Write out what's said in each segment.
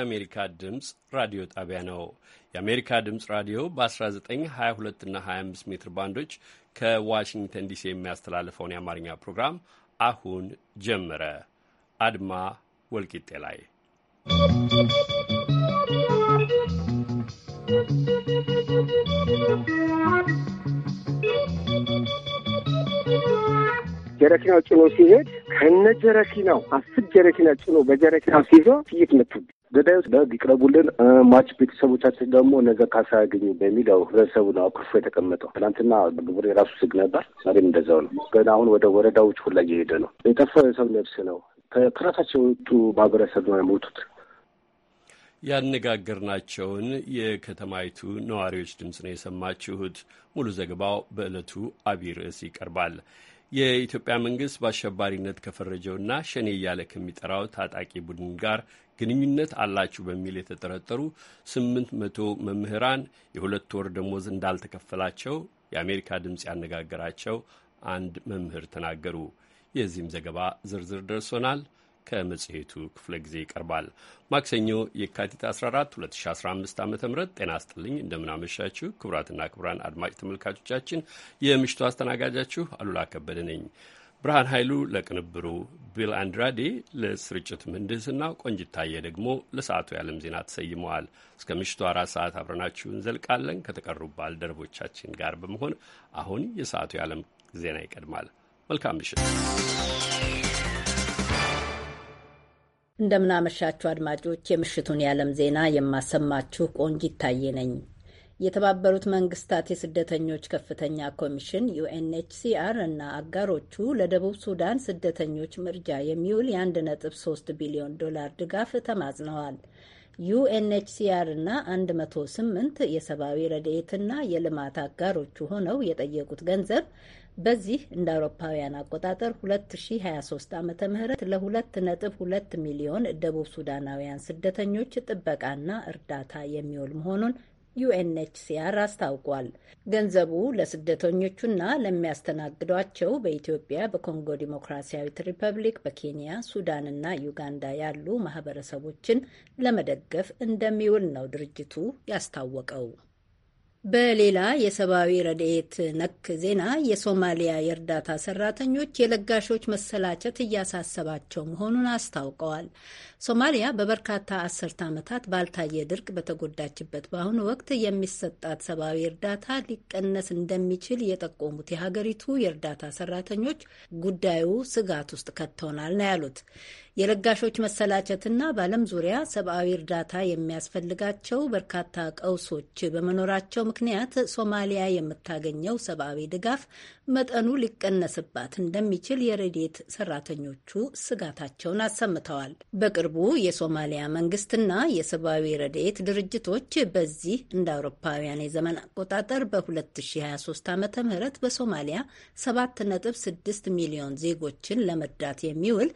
የአሜሪካ ድምፅ ራዲዮ ጣቢያ ነው። የአሜሪካ ድምፅ ራዲዮ በ1922 እና 25 ሜትር ባንዶች ከዋሽንግተን ዲሲ የሚያስተላልፈውን የአማርኛ ፕሮግራም አሁን ጀመረ። አድማ ወልቂጤ ላይ ጀረኪናው ጭኖ ሲሄድ ከነ ጀረኪናው አስር ጀረኪና ጭኖ በጀረኪናው ሲይዞ ጥይት መቱብኝ። ገዳዮች ለሕግ ይቅረቡልን፣ ማች ቤተሰቦቻችን ደግሞ ነገ ካሳ ያገኙ በሚል ያው ህብረተሰቡ ነው አኩርፎ የተቀመጠው። ትናንትና ግብር የራሱ ስግ ነበር፣ ዛሬም እንደዛው ነው። ገና አሁን ወደ ወረዳዎች ሁላ እየሄደ ነው። የጠፋው የሰው ነፍስ ነው። ከራሳቸው የወጡ ማህበረሰብ ነው የሞቱት። ያነጋገርናቸውን የከተማይቱ ነዋሪዎች ድምፅ ነው የሰማችሁት። ሙሉ ዘገባው በዕለቱ አቢይ ርዕስ ይቀርባል። የኢትዮጵያ መንግስት በአሸባሪነት ከፈረጀውና ሸኔ እያለ ከሚጠራው ታጣቂ ቡድን ጋር ግንኙነት አላችሁ በሚል የተጠረጠሩ ስምንት መቶ መምህራን የሁለት ወር ደሞዝ እንዳልተከፈላቸው የአሜሪካ ድምፅ ያነጋገራቸው አንድ መምህር ተናገሩ። የዚህም ዘገባ ዝርዝር ደርሶናል ከመጽሔቱ ክፍለ ጊዜ ይቀርባል። ማክሰኞ የካቲት 14 2015 ዓ ም ጤና አስጥልኝ እንደምናመሻችሁ ክቡራትና ክቡራን አድማጭ ተመልካቾቻችን የምሽቱ አስተናጋጃችሁ አሉላ ከበደ ነኝ። ብርሃን ኃይሉ ለቅንብሩ ቢል አንድራዴ ለስርጭት ምህንድስና፣ ቆንጅታየ ደግሞ ለሰዓቱ የዓለም ዜና ተሰይመዋል። እስከ ምሽቱ አራት ሰዓት አብረናችሁ እንዘልቃለን ከተቀሩ ባልደረቦቻችን ጋር በመሆን አሁን የሰዓቱ የዓለም ዜና ይቀድማል። መልካም ምሽት፣ እንደምናመሻችሁ አድማጮች። የምሽቱን የዓለም ዜና የማሰማችሁ ቆንጅ ነኝ። የተባበሩት መንግስታት የስደተኞች ከፍተኛ ኮሚሽን ዩኤንኤችሲአር እና አጋሮቹ ለደቡብ ሱዳን ስደተኞች ምርጃ የሚውል የ1.3 ቢሊዮን ዶላር ድጋፍ ተማጽነዋል። ዩኤንኤችሲአር እና 108 የሰብአዊ ረድኤትና የልማት አጋሮቹ ሆነው የጠየቁት ገንዘብ በዚህ እንደ አውሮፓውያን አቆጣጠር 2023 ዓ ም ለ2.2 ሚሊዮን ደቡብ ሱዳናውያን ስደተኞች ጥበቃና እርዳታ የሚውል መሆኑን ዩኤንኤችሲአር አስታውቋል። ገንዘቡ ለስደተኞቹና ለሚያስተናግዷቸው በኢትዮጵያ፣ በኮንጎ ዲሞክራሲያዊት ሪፐብሊክ፣ በኬንያ፣ ሱዳንና ዩጋንዳ ያሉ ማህበረሰቦችን ለመደገፍ እንደሚውል ነው ድርጅቱ ያስታወቀው። በሌላ የሰብአዊ ረድኤት ነክ ዜና የሶማሊያ የእርዳታ ሰራተኞች የለጋሾች መሰላቸት እያሳሰባቸው መሆኑን አስታውቀዋል። ሶማሊያ በበርካታ አስርተ ዓመታት ባልታየ ድርቅ በተጎዳችበት በአሁኑ ወቅት የሚሰጣት ሰብአዊ እርዳታ ሊቀነስ እንደሚችል የጠቆሙት የሀገሪቱ የእርዳታ ሰራተኞች ጉዳዩ ስጋት ውስጥ ከቶናል ነው ያሉት። የለጋሾች መሰላቸትና በዓለም ዙሪያ ሰብአዊ እርዳታ የሚያስፈልጋቸው በርካታ ቀውሶች በመኖራቸው ምክንያት ሶማሊያ የምታገኘው ሰብአዊ ድጋፍ መጠኑ ሊቀነስባት እንደሚችል የረዴት ሰራተኞቹ ስጋታቸውን አሰምተዋል። በቅርቡ በቅርቡ የሶማሊያ መንግስትና የሰብአዊ ረድኤት ድርጅቶች በዚህ እንደ አውሮፓውያን የዘመን አቆጣጠር በ2023 ዓ ም በሶማሊያ 7.6 ሚሊዮን ዜጎችን ለመርዳት የሚውል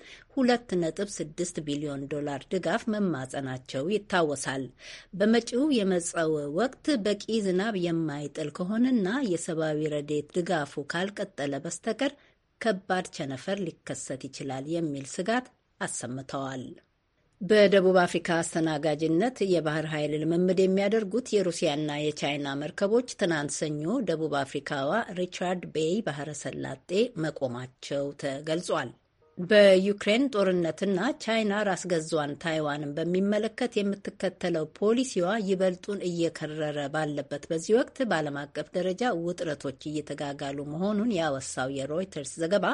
2.6 ቢሊዮን ዶላር ድጋፍ መማጸናቸው ይታወሳል። በመጪው የመጸው ወቅት በቂ ዝናብ የማይጥል ከሆነና የሰብአዊ ረድኤት ድጋፉ ካልቀጠለ በስተቀር ከባድ ቸነፈር ሊከሰት ይችላል የሚል ስጋት አሰምተዋል። በደቡብ አፍሪካ አስተናጋጅነት የባህር ኃይል ልምምድ የሚያደርጉት የሩሲያና የቻይና መርከቦች ትናንት ሰኞ ደቡብ አፍሪካዋ ሪቻርድ ቤይ ባህረ ሰላጤ መቆማቸው ተገልጿል። በዩክሬን ጦርነትና ቻይና ራስ ገዟን ታይዋንን በሚመለከት የምትከተለው ፖሊሲዋ ይበልጡን እየከረረ ባለበት በዚህ ወቅት በዓለም አቀፍ ደረጃ ውጥረቶች እየተጋጋሉ መሆኑን ያወሳው የሮይተርስ ዘገባ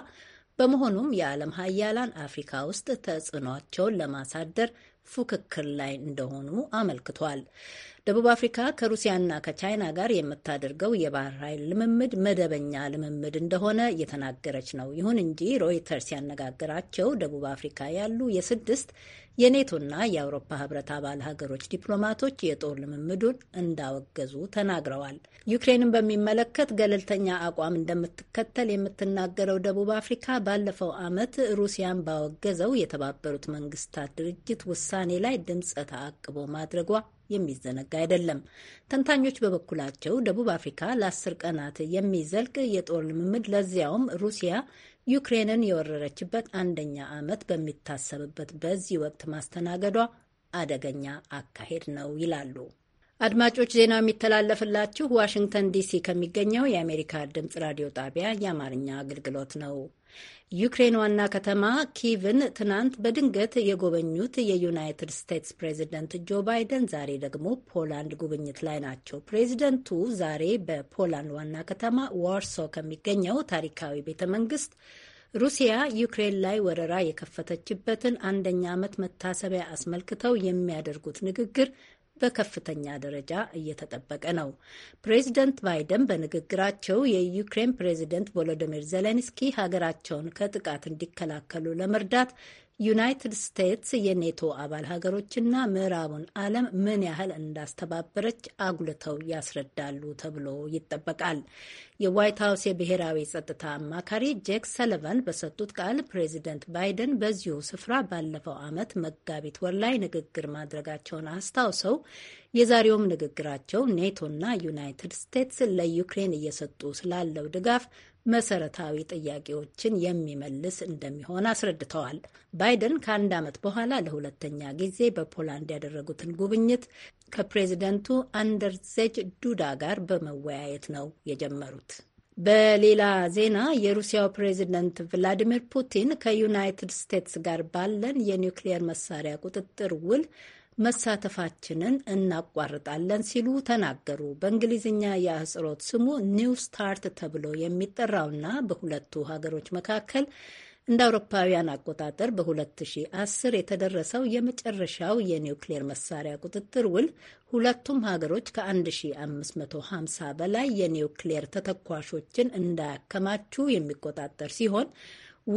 በመሆኑም የዓለም ሀያላን አፍሪካ ውስጥ ተጽዕኖቸውን ለማሳደር ፉክክር ላይ እንደሆኑ አመልክቷል። ደቡብ አፍሪካ ከሩሲያና ከቻይና ጋር የምታደርገው የባህር ኃይል ልምምድ መደበኛ ልምምድ እንደሆነ እየተናገረች ነው። ይሁን እንጂ ሮይተርስ ያነጋገራቸው ደቡብ አፍሪካ ያሉ የስድስት የኔቶና የአውሮፓ ህብረት አባል ሀገሮች ዲፕሎማቶች የጦር ልምምዱን እንዳወገዙ ተናግረዋል። ዩክሬንን በሚመለከት ገለልተኛ አቋም እንደምትከተል የምትናገረው ደቡብ አፍሪካ ባለፈው ዓመት ሩሲያን ባወገዘው የተባበሩት መንግስታት ድርጅት ውሳኔ ላይ ድምፀ ተአቅቦ ማድረጓ የሚዘነጋ አይደለም። ተንታኞች በበኩላቸው ደቡብ አፍሪካ ለአስር ቀናት የሚዘልቅ የጦር ልምምድ ለዚያውም ሩሲያ ዩክሬንን የወረረችበት አንደኛ ዓመት በሚታሰብበት በዚህ ወቅት ማስተናገዷ አደገኛ አካሄድ ነው ይላሉ። አድማጮች ዜናው የሚተላለፍላችሁ ዋሽንግተን ዲሲ ከሚገኘው የአሜሪካ ድምፅ ራዲዮ ጣቢያ የአማርኛ አገልግሎት ነው። ዩክሬን ዋና ከተማ ኪቭን ትናንት በድንገት የጎበኙት የዩናይትድ ስቴትስ ፕሬዚደንት ጆ ባይደን ዛሬ ደግሞ ፖላንድ ጉብኝት ላይ ናቸው። ፕሬዚደንቱ ዛሬ በፖላንድ ዋና ከተማ ዋርሶ ከሚገኘው ታሪካዊ ቤተ መንግስት ሩሲያ ዩክሬን ላይ ወረራ የከፈተችበትን አንደኛ ዓመት መታሰቢያ አስመልክተው የሚያደርጉት ንግግር በከፍተኛ ደረጃ እየተጠበቀ ነው። ፕሬዚደንት ባይደን በንግግራቸው የዩክሬን ፕሬዚደንት ቮሎዲሚር ዜሌንስኪ ሀገራቸውን ከጥቃት እንዲከላከሉ ለመርዳት ዩናይትድ ስቴትስ የኔቶ አባል ሀገሮችና ምዕራቡን ዓለም ምን ያህል እንዳስተባበረች አጉልተው ያስረዳሉ ተብሎ ይጠበቃል። የዋይት ሀውስ የብሔራዊ ጸጥታ አማካሪ ጄክ ሰለቫን በሰጡት ቃል ፕሬዚደንት ባይደን በዚሁ ስፍራ ባለፈው ዓመት መጋቢት ወር ላይ ንግግር ማድረጋቸውን አስታውሰው የዛሬውም ንግግራቸው ኔቶና ዩናይትድ ስቴትስ ለዩክሬን እየሰጡ ስላለው ድጋፍ መሰረታዊ ጥያቄዎችን የሚመልስ እንደሚሆን አስረድተዋል። ባይደን ከአንድ ዓመት በኋላ ለሁለተኛ ጊዜ በፖላንድ ያደረጉትን ጉብኝት ከፕሬዚደንቱ አንደርዜጅ ዱዳ ጋር በመወያየት ነው የጀመሩት። በሌላ ዜና የሩሲያው ፕሬዚደንት ቭላዲሚር ፑቲን ከዩናይትድ ስቴትስ ጋር ባለን የኒውክሊየር መሳሪያ ቁጥጥር ውል መሳተፋችንን እናቋርጣለን ሲሉ ተናገሩ። በእንግሊዝኛ የአህጽሮት ስሙ ኒው ስታርት ተብሎ የሚጠራውና በሁለቱ ሀገሮች መካከል እንደ አውሮፓውያን አቆጣጠር በ2010 የተደረሰው የመጨረሻው የኒውክሌር መሳሪያ ቁጥጥር ውል ሁለቱም ሀገሮች ከ1550 በላይ የኒውክሌር ተተኳሾችን እንዳያከማቹ የሚቆጣጠር ሲሆን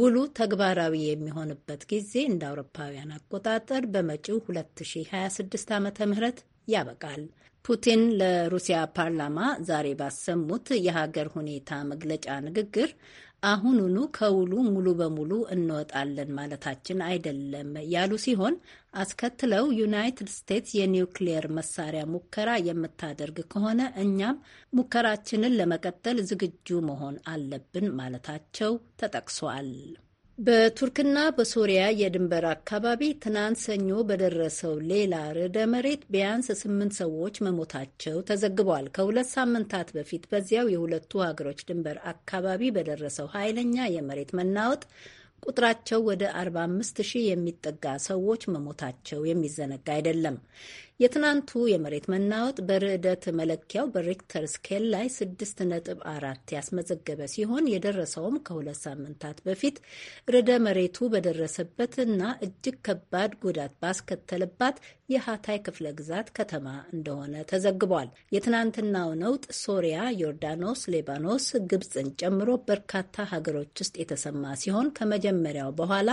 ውሉ ተግባራዊ የሚሆንበት ጊዜ እንደ አውሮፓውያን አቆጣጠር በመጪው 2026 ዓ ም ያበቃል። ፑቲን ለሩሲያ ፓርላማ ዛሬ ባሰሙት የሀገር ሁኔታ መግለጫ ንግግር አሁኑኑ ከውሉ ሙሉ በሙሉ እንወጣለን ማለታችን አይደለም ያሉ ሲሆን አስከትለው ዩናይትድ ስቴትስ የኒውክሊየር መሳሪያ ሙከራ የምታደርግ ከሆነ እኛም ሙከራችንን ለመቀጠል ዝግጁ መሆን አለብን ማለታቸው ተጠቅሷል። በቱርክና በሶሪያ የድንበር አካባቢ ትናንት ሰኞ በደረሰው ሌላ ርዕደ መሬት ቢያንስ ስምንት ሰዎች መሞታቸው ተዘግቧል። ከሁለት ሳምንታት በፊት በዚያው የሁለቱ ሀገሮች ድንበር አካባቢ በደረሰው ኃይለኛ የመሬት መናወጥ ቁጥራቸው ወደ 45 ሺህ የሚጠጋ ሰዎች መሞታቸው የሚዘነጋ አይደለም። የትናንቱ የመሬት መናወጥ በርዕደት መለኪያው በሬክተር ስኬል ላይ 6.4 ያስመዘገበ ሲሆን የደረሰውም ከሁለት ሳምንታት በፊት ርዕደ መሬቱ በደረሰበትና እጅግ ከባድ ጉዳት ባስከተለባት የሃታይ ክፍለ ግዛት ከተማ እንደሆነ ተዘግቧል። የትናንትናው ነውጥ ሶሪያ፣ ዮርዳኖስ፣ ሌባኖስ፣ ግብፅን ጨምሮ በርካታ ሀገሮች ውስጥ የተሰማ ሲሆን ከመጀመሪያው በኋላ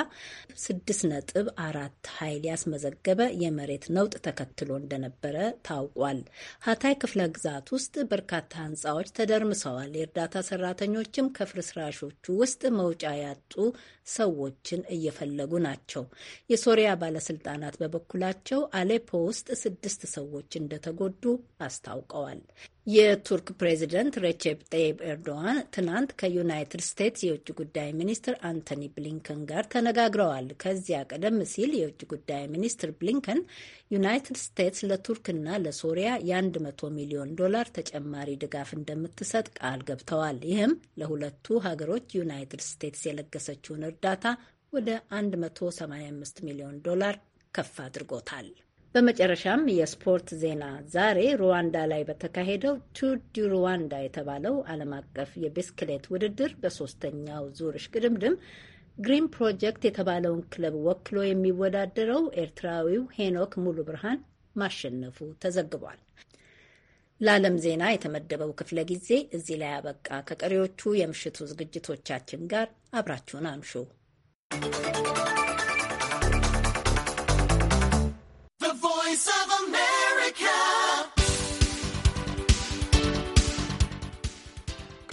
6.4 ኃይል ያስመዘገበ የመሬት ነውጥ ተከትሏል። ተጥሎ እንደነበረ ታውቋል። ሀታይ ክፍለ ግዛት ውስጥ በርካታ ህንፃዎች ተደርምሰዋል። የእርዳታ ሰራተኞችም ከፍርስራሾቹ ውስጥ መውጫ ያጡ ሰዎችን እየፈለጉ ናቸው። የሶሪያ ባለስልጣናት በበኩላቸው አሌፖ ውስጥ ስድስት ሰዎች እንደተጎዱ አስታውቀዋል። የቱርክ ፕሬዚደንት ሬቼፕ ጠይብ ኤርዶዋን ትናንት ከዩናይትድ ስቴትስ የውጭ ጉዳይ ሚኒስትር አንቶኒ ብሊንከን ጋር ተነጋግረዋል። ከዚያ ቀደም ሲል የውጭ ጉዳይ ሚኒስትር ብሊንከን ዩናይትድ ስቴትስ ለቱርክና ለሶሪያ የ100 ሚሊዮን ዶላር ተጨማሪ ድጋፍ እንደምትሰጥ ቃል ገብተዋል። ይህም ለሁለቱ ሀገሮች ዩናይትድ ስቴትስ የለገሰችውን እርዳታ ወደ 185 ሚሊዮን ዶላር ከፍ አድርጎታል። በመጨረሻም የስፖርት ዜና ዛሬ ሩዋንዳ ላይ በተካሄደው ቱር ዲ ሩዋንዳ የተባለው ዓለም አቀፍ የብስክሌት ውድድር በሶስተኛው ዙር እሽቅድምድም ግሪን ፕሮጀክት የተባለውን ክለብ ወክሎ የሚወዳደረው ኤርትራዊው ሄኖክ ሙሉ ብርሃን ማሸነፉ ተዘግቧል። ለዓለም ዜና የተመደበው ክፍለ ጊዜ እዚህ ላይ አበቃ። ከቀሪዎቹ የምሽቱ ዝግጅቶቻችን ጋር አብራችሁን አምሹ።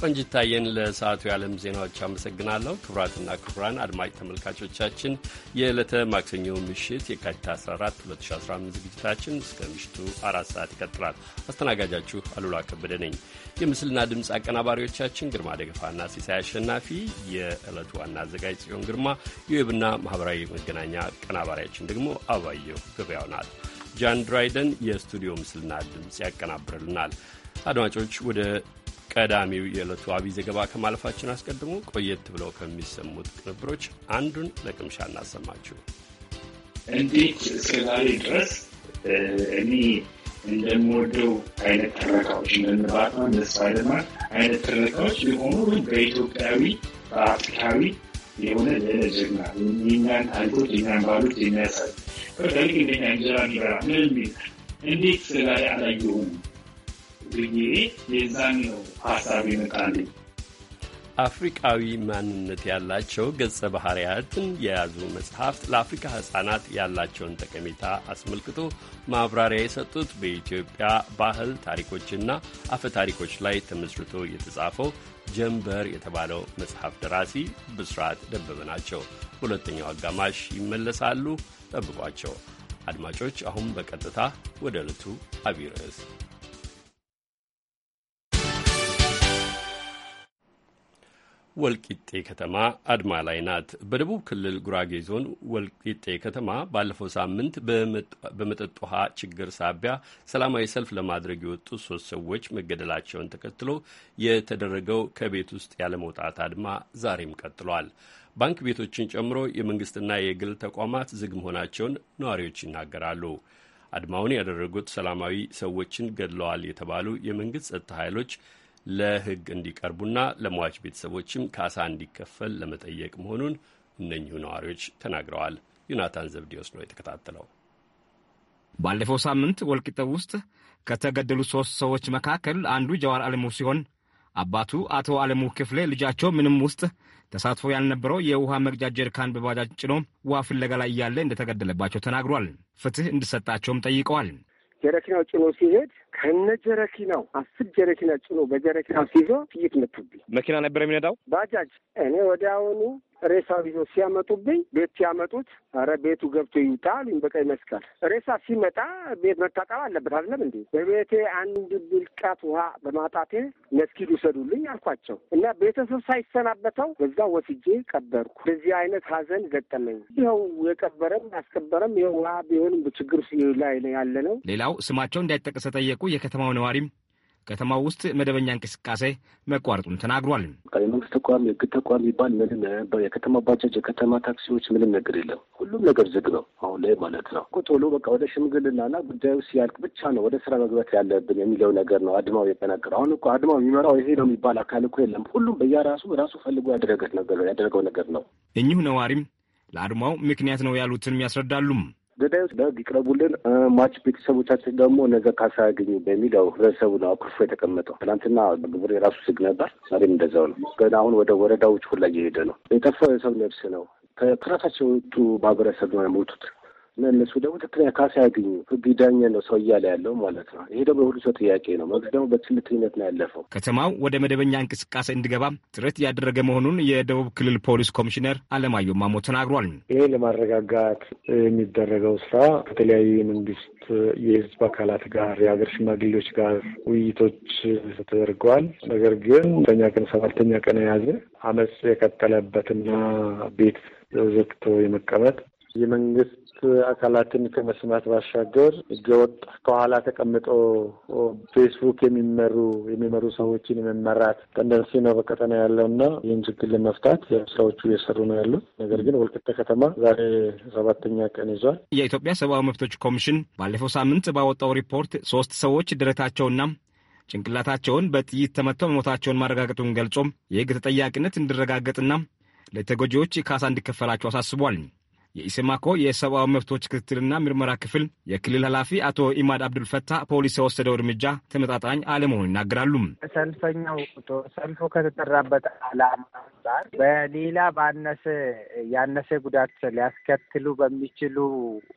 ቆንጅታየን ለሰዓቱ የዓለም ዜናዎች አመሰግናለሁ። ክቡራትና ክቡራን አድማጭ ተመልካቾቻችን የዕለተ ማክሰኞ ምሽት የካቲት 14 2015 ዝግጅታችን እስከ ምሽቱ አራት ሰዓት ይቀጥላል። አስተናጋጃችሁ አሉላ ከበደ ነኝ። የምስልና ድምፅ አቀናባሪዎቻችን ግርማ ደገፋና ሲሳይ አሸናፊ፣ የዕለቱ ዋና አዘጋጅ ጽዮን ግርማ፣ የዌብና ማኅበራዊ መገናኛ አቀናባሪያችን ደግሞ አባየሁ ገበያው ናት። ጃን ድራይደን የስቱዲዮ ምስልና ድምፅ ያቀናብርልናል። አድማጮች ወደ ቀዳሚው የዕለቱ አብይ ዘገባ ከማለፋችን አስቀድሞ ቆየት ብለው ከሚሰሙት ቅንብሮች አንዱን ለቅምሻ እናሰማችሁ። እንዴት እስከዛሬ ድረስ እኔ እንደምወደው አይነት ትረካዎች እንደንባት እንደ ስፓይደርማን አይነት ትረካዎች የሆኑ በኢትዮጵያዊ በአፍሪካዊ የሆነ ለለጀግና ጀግና የኛን ታሪኮች የኛን ባህሎች የሚያሳይ በተለይ እንደኛ እንጀራ ሚበራ ምን ሚል እንዴት ስላለ አላየሁም ብዬ ሀሳብ አፍሪቃዊ ማንነት ያላቸው ገጸ ባህሪያትን የያዙ መጽሐፍት ለአፍሪካ ሕፃናት ያላቸውን ጠቀሜታ አስመልክቶ ማብራሪያ የሰጡት በኢትዮጵያ ባህል ታሪኮችና አፈ ታሪኮች ላይ ተመስርቶ የተጻፈው ጀንበር የተባለው መጽሐፍ ደራሲ ብስራት ደበበ ናቸው። በሁለተኛው አጋማሽ ይመለሳሉ፣ ጠብቋቸው አድማጮች። አሁን በቀጥታ ወደ ዕለቱ አብይ ርዕስ ወልቂጤ ከተማ አድማ ላይ ናት። በደቡብ ክልል ጉራጌ ዞን ወልቂጤ ከተማ ባለፈው ሳምንት በመጠጥ ውሃ ችግር ሳቢያ ሰላማዊ ሰልፍ ለማድረግ የወጡ ሶስት ሰዎች መገደላቸውን ተከትሎ የተደረገው ከቤት ውስጥ ያለመውጣት አድማ ዛሬም ቀጥሏል። ባንክ ቤቶችን ጨምሮ የመንግስትና የግል ተቋማት ዝግ መሆናቸውን ነዋሪዎች ይናገራሉ። አድማውን ያደረጉት ሰላማዊ ሰዎችን ገድለዋል የተባሉ የመንግስት ጸጥታ ኃይሎች ለሕግ እንዲቀርቡና ለሟች ቤተሰቦችም ካሳ እንዲከፈል ለመጠየቅ መሆኑን እነኚሁ ነዋሪዎች ተናግረዋል። ዮናታን ዘብዴዎስ ነው የተከታተለው። ባለፈው ሳምንት ወልቂጤ ውስጥ ከተገደሉ ሦስት ሰዎች መካከል አንዱ ጀዋር አለሙ ሲሆን አባቱ አቶ አለሙ ክፍሌ ልጃቸው ምንም ውስጥ ተሳትፎ ያልነበረው የውሃ መቅጃ ጀሪካን በባጃጅ ጭኖ ውሃ ፍለጋ ላይ እያለ እንደተገደለባቸው ተናግሯል። ፍትህ እንዲሰጣቸውም ጠይቀዋል። ጀሪካናው ጭኖ ሲሄድ ከነ ጀረኪናው አስር ጀረኪና ጭኖ በጀረኪናው ሲዞ ጥይት መቱብኝ። መኪና ነበር የሚነዳው ባጃጅ። እኔ ወዲያውኑ ሬሳ ይዞ ሲያመጡብኝ ቤት ሲያመጡት ኧረ ቤቱ ገብቶ ይውጣ አሉኝ በቀይ መስቀል። ሬሳ ሲመጣ ቤት መታቀብ አለበት አይደለም እንዴ? በቤቴ አንድ ብልቃት ውሃ በማጣቴ መስጊድ ውሰዱልኝ አልኳቸው እና ቤተሰብ ሳይሰናበተው በዛ ወስጄ ቀበርኩ። በዚህ አይነት ሀዘን ገጠመኝ። ይኸው የቀበረም ያስቀበረም ይኸው ውሃ ቢሆንም በችግር ላይ ያለ ነው። ሌላው ስማቸው እንዳይጠቀስ ተጠየቁ የከተማው ነዋሪም ከተማው ውስጥ መደበኛ እንቅስቃሴ መቋረጡን ተናግሯል። የመንግስት ተቋም፣ የህግ ተቋም ይባል ምንም የከተማ ባጃጅ፣ የከተማ ታክሲዎች ምንም ነገር የለም። ሁሉም ነገር ዝግ ነው አሁን ላይ ማለት ነው። ቶሎ በቃ ወደ ሽምግልናና ጉዳዩ ሲያልቅ ብቻ ነው ወደ ስራ መግባት ያለብን የሚለው ነገር ነው አድማው የተናገረው። አሁን እኮ አድማው የሚመራው ይሄ ነው የሚባል አካል እኮ የለም። ሁሉም በየራሱ ራሱ ፈልጎ ያደረገው ነገር ነው። እኚሁ ነዋሪም ለአድማው ምክንያት ነው ያሉትን ያስረዳሉም። ገዳዮች ለሕግ ይቅረቡልን፣ ማች ቤተሰቦቻችን ደግሞ ነገ ካሳ ያገኙ በሚል ያው ህብረተሰቡ ነው አኩርፎ የተቀመጠው። ትናንትና ግብር የራሱ ስግ ነበር፣ ዛሬም እንደዛው ነው። ገና አሁን ወደ ወረዳዎች ሁላ እየሄደ ነው። የጠፋው የሰው ነፍስ ነው። ከራሳቸው የወጡ ማህበረሰብ ነው የሞቱት። እነሱ ደግሞ ትክክለኛ ካሳ ያገኙ ህግ ዳኘ ነው ሰው እያለ ያለው ማለት ነው። ይሄ ደግሞ የሁሉ ሰው ጥያቄ ነው። መንግስት ደግሞ በትልትነት ነው ያለፈው። ከተማው ወደ መደበኛ እንቅስቃሴ እንዲገባ ጥረት እያደረገ መሆኑን የደቡብ ክልል ፖሊስ ኮሚሽነር አለማየሁ ማሞ ተናግሯል። ይሄ ለማረጋጋት የሚደረገው ስራ ከተለያዩ የመንግስት የህዝብ አካላት ጋር የሀገር ሽማግሌዎች ጋር ውይይቶች ተደርገዋል። ነገር ግን ተኛ ቀን ሰባተኛ ቀን የያዘ አመፅ የቀጠለበትና ቤት ዘግቶ የመቀመጥ የመንግስት አካላትን ከመስማት ባሻገር ህገወጥ ከኋላ ተቀምጦ ፌስቡክ የሚመሩ የሚመሩ ሰዎችን የመመራት ተንደንሲ ነው በቀጠና ያለው እና ይህን ችግር ለመፍታት ስራዎቹ እየሰሩ ነው ያሉ። ነገር ግን ወልቅተ ከተማ ዛሬ ሰባተኛ ቀን ይዟል። የኢትዮጵያ ሰብአዊ መብቶች ኮሚሽን ባለፈው ሳምንት ባወጣው ሪፖርት ሶስት ሰዎች ድረታቸውና ጭንቅላታቸውን በጥይት ተመተው መሞታቸውን ማረጋገጡን ገልጾም የህግ ተጠያቂነት እንዲረጋገጥና ለተጎጂዎች ካሳ እንዲከፈላቸው አሳስቧል። የኢሰማኮ የሰብአዊ መብቶች ክትትልና ምርመራ ክፍል የክልል ኃላፊ አቶ ኢማድ አብዱልፈታ ፖሊስ የወሰደው እርምጃ ተመጣጣኝ አለመሆኑ ይናገራሉ። ሰልፈኛው ሰልፉ ከተጠራበት አላማ አንጻር በሌላ ባነሰ ያነሰ ጉዳት ሊያስከትሉ በሚችሉ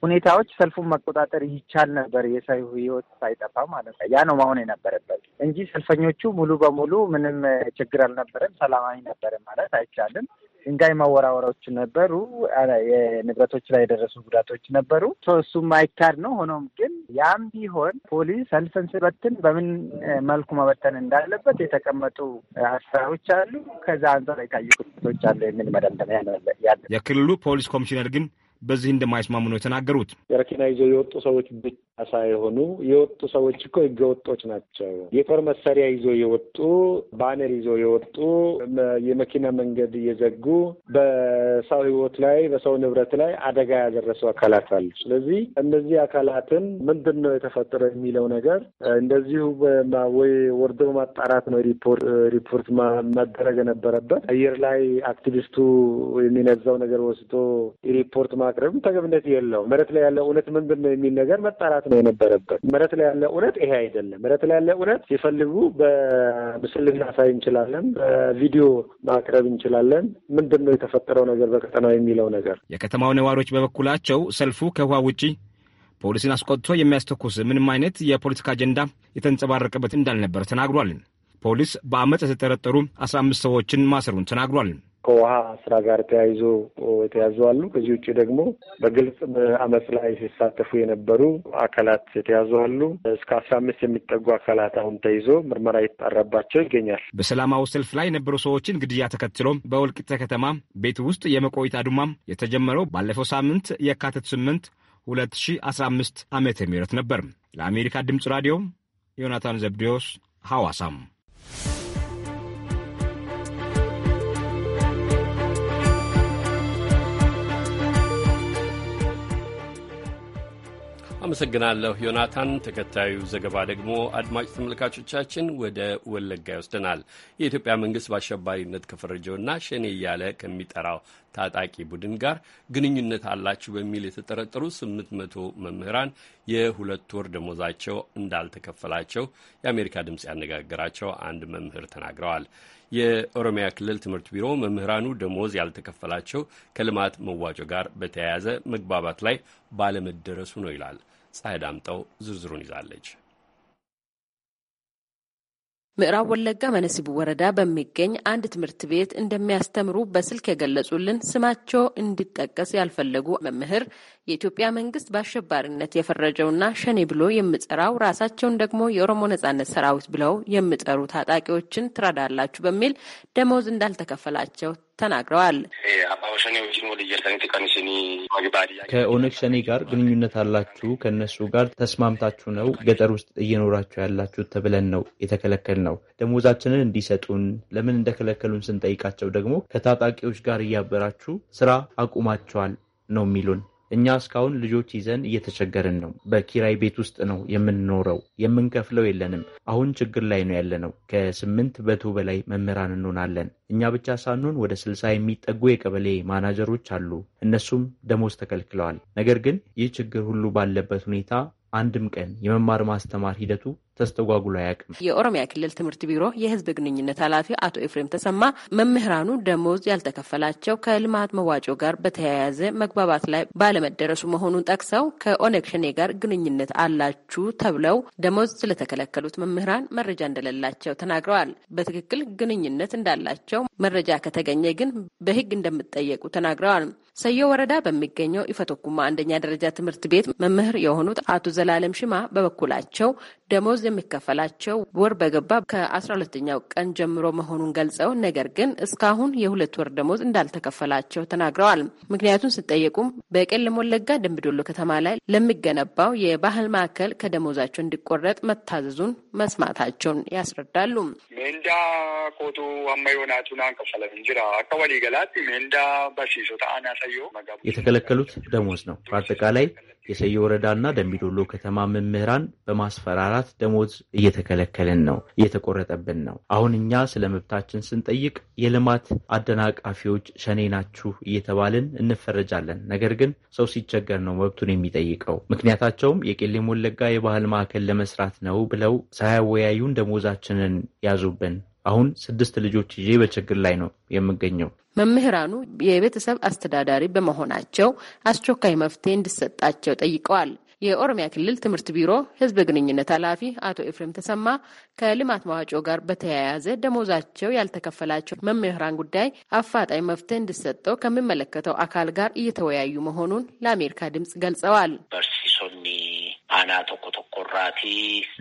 ሁኔታዎች ሰልፉን መቆጣጠር ይቻል ነበር፣ የሰው ህይወት ሳይጠፋ ማለት ነው። ያ ነው መሆን የነበረበት እንጂ ሰልፈኞቹ ሙሉ በሙሉ ምንም ችግር አልነበረም፣ ሰላማዊ ነበረ ማለት አይቻልም። ድንጋይ መወራወሮች ነበሩ። የንብረቶች ላይ የደረሱ ጉዳቶች ነበሩ። እሱም አይካድ ነው። ሆኖም ግን ያም ቢሆን ፖሊስ ሰልፍን ስበትን በምን መልኩ መበተን እንዳለበት የተቀመጡ ሀሳቦች አሉ። ከዛ አንጻር የታዩ ክፍቶች አሉ የሚል መደምደሚያ ያለ የክልሉ ፖሊስ ኮሚሽነር ግን በዚህ እንደማይስማሙ ነው የተናገሩት። የረኪና ይዘው የወጡ ሰዎች አሳ የሆኑ የወጡ ሰዎች እኮ ህገ ወጦች ናቸው። የጦር መሳሪያ ይዞ የወጡ ባነር ይዞ የወጡ የመኪና መንገድ እየዘጉ በሰው ህይወት ላይ በሰው ንብረት ላይ አደጋ ያደረሱ አካላት አሉ። ስለዚህ እነዚህ አካላትን ምንድን ነው የተፈጠረ የሚለው ነገር እንደዚሁ ወይ ወርዶ ማጣራት ነው ሪፖርት መደረግ የነበረበት። አየር ላይ አክቲቪስቱ የሚነዛው ነገር ወስዶ ሪፖርት ማቅረብ ተገብነት የለው። መሬት ላይ ያለው እውነት ምንድን ነው የሚል ነገር መጣራት ነው የነበረበት። መሬት ላይ ያለ እውነት ይሄ አይደለም። መሬት ላይ ያለ እውነት ሲፈልጉ በምስል ልናሳይ እንችላለን፣ በቪዲዮ ማቅረብ እንችላለን። ምንድን ነው የተፈጠረው ነገር በቀጠናው የሚለው ነገር። የከተማው ነዋሪዎች በበኩላቸው ሰልፉ ከውሃ ውጪ ፖሊስን አስቆጥቶ የሚያስተኩስ ምንም አይነት የፖለቲካ አጀንዳ የተንጸባረቀበት እንዳልነበር ተናግሯል። ፖሊስ በአመፅ የተጠረጠሩ አስራ አምስት ሰዎችን ማሰሩን ተናግሯል። ከውሃ ስራ ጋር ተያይዞ የተያዙ አሉ። ከዚህ ውጭ ደግሞ በግልጽ በአመፅ ላይ ሲሳተፉ የነበሩ አካላት የተያዙ አሉ። እስከ አስራ አምስት የሚጠጉ አካላት አሁን ተይዞ ምርመራ የተጣራባቸው ይገኛል። በሰላማዊ ሰልፍ ላይ የነበሩ ሰዎችን ግድያ ተከትሎ በወልቂጤ ከተማ ቤት ውስጥ የመቆየት ድማም የተጀመረው ባለፈው ሳምንት የካቲት ስምንት 2015 ዓመተ ምህረት ነበር። ለአሜሪካ ድምፅ ራዲዮ ዮናታን ዘብዴዎስ ሐዋሳም አመሰግናለሁ ዮናታን። ተከታዩ ዘገባ ደግሞ አድማጭ ተመልካቾቻችን ወደ ወለጋ ይወስደናል። የኢትዮጵያ መንግስት በአሸባሪነት ከፈረጀውና ሸኔ እያለ ከሚጠራው ታጣቂ ቡድን ጋር ግንኙነት አላችሁ በሚል የተጠረጠሩ ስምንት መቶ መምህራን የሁለት ወር ደሞዛቸው እንዳልተከፈላቸው የአሜሪካ ድምፅ ያነጋገራቸው አንድ መምህር ተናግረዋል። የኦሮሚያ ክልል ትምህርት ቢሮ መምህራኑ ደሞዝ ያልተከፈላቸው ከልማት መዋጮ ጋር በተያያዘ መግባባት ላይ ባለመደረሱ ነው ይላል። ፀሐይ ዳምጠው ዝርዝሩን ይዛለች። ምዕራብ ወለጋ መነሲቡ ወረዳ በሚገኝ አንድ ትምህርት ቤት እንደሚያስተምሩ በስልክ የገለጹልን ስማቸው እንዲጠቀስ ያልፈለጉ መምህር የኢትዮጵያ መንግስት በአሸባሪነት የፈረጀውና ሸኔ ብሎ የሚጠራው ራሳቸውን ደግሞ የኦሮሞ ነጻነት ሰራዊት ብለው የሚጠሩ ታጣቂዎችን ትረዳላችሁ በሚል ደሞዝ እንዳልተከፈላቸው ተናግረዋል። ከኦነግ ሸኔ ጋር ግንኙነት አላችሁ፣ ከእነሱ ጋር ተስማምታችሁ ነው ገጠር ውስጥ እየኖራችሁ ያላችሁ ተብለን ነው የተከለከል ነው። ደሞዛችንን እንዲሰጡን ለምን እንደከለከሉን ስንጠይቃቸው ደግሞ ከታጣቂዎች ጋር እያበራችሁ ስራ አቁማቸዋል ነው የሚሉን። እኛ እስካሁን ልጆች ይዘን እየተቸገርን ነው። በኪራይ ቤት ውስጥ ነው የምንኖረው። የምንከፍለው የለንም። አሁን ችግር ላይ ነው ያለነው። ከስምንት በቶ በላይ መምህራን እንሆናለን። እኛ ብቻ ሳንሆን ወደ ስልሳ የሚጠጉ የቀበሌ ማናጀሮች አሉ። እነሱም ደሞዝ ተከልክለዋል። ነገር ግን ይህ ችግር ሁሉ ባለበት ሁኔታ አንድም ቀን የመማር ማስተማር ሂደቱ ተስተጓጉሎ አያውቅም። የኦሮሚያ ክልል ትምህርት ቢሮ የህዝብ ግንኙነት ኃላፊ አቶ ኤፍሬም ተሰማ መምህራኑ ደሞዝ ያልተከፈላቸው ከልማት መዋጮ ጋር በተያያዘ መግባባት ላይ ባለመደረሱ መሆኑን ጠቅሰው ከኦነግ ሸኔ ጋር ግንኙነት አላችሁ ተብለው ደሞዝ ስለተከለከሉት መምህራን መረጃ እንደሌላቸው ተናግረዋል። በትክክል ግንኙነት እንዳላቸው መረጃ ከተገኘ ግን በህግ እንደሚጠየቁ ተናግረዋል። ሰየ ወረዳ በሚገኘው ኢፈቶኩማ አንደኛ ደረጃ ትምህርት ቤት መምህር የሆኑት አቶ ዘላለም ሽማ በበኩላቸው ደሞዝ የሚከፈላቸው ወር በገባ ከአስራ ሁለተኛው ቀን ጀምሮ መሆኑን ገልጸው ነገር ግን እስካሁን የሁለት ወር ደሞዝ እንዳልተከፈላቸው ተናግረዋል። ምክንያቱን ስጠየቁም በቄለም ወለጋ ደምቢዶሎ ከተማ ላይ ለሚገነባው የባህል ማዕከል ከደሞዛቸው እንዲቆረጥ መታዘዙን መስማታቸውን ያስረዳሉ። ሜንዳ ኮቱ አማዮናቱን አንከፈለም እንጅራ አካባቢ ገላት ሜንዳ በሲሶ ተአናሰ የተከለከሉት ደሞዝ ነው። በአጠቃላይ የሰየ ወረዳና ደምቢዶሎ ከተማ መምህራን በማስፈራራት ደሞዝ እየተከለከልን ነው፣ እየተቆረጠብን ነው። አሁን እኛ ስለ መብታችን ስንጠይቅ የልማት አደናቃፊዎች ሸኔ ናችሁ እየተባልን እንፈረጃለን። ነገር ግን ሰው ሲቸገር ነው መብቱን የሚጠይቀው። ምክንያታቸውም የቄሌ ሞለጋ የባህል ማዕከል ለመስራት ነው ብለው ሳያወያዩን ደሞዛችንን ያዙብን። አሁን ስድስት ልጆች ይዤ በችግር ላይ ነው የምገኘው። መምህራኑ የቤተሰብ አስተዳዳሪ በመሆናቸው አስቸኳይ መፍትሄ እንዲሰጣቸው ጠይቀዋል። የኦሮሚያ ክልል ትምህርት ቢሮ ሕዝብ ግንኙነት ኃላፊ አቶ ኤፍሬም ተሰማ ከልማት መዋጮ ጋር በተያያዘ ደሞዛቸው ያልተከፈላቸው መምህራን ጉዳይ አፋጣኝ መፍትሄ እንዲሰጠው ከሚመለከተው አካል ጋር እየተወያዩ መሆኑን ለአሜሪካ ድምጽ ገልጸዋል። በርሲሶኒ አና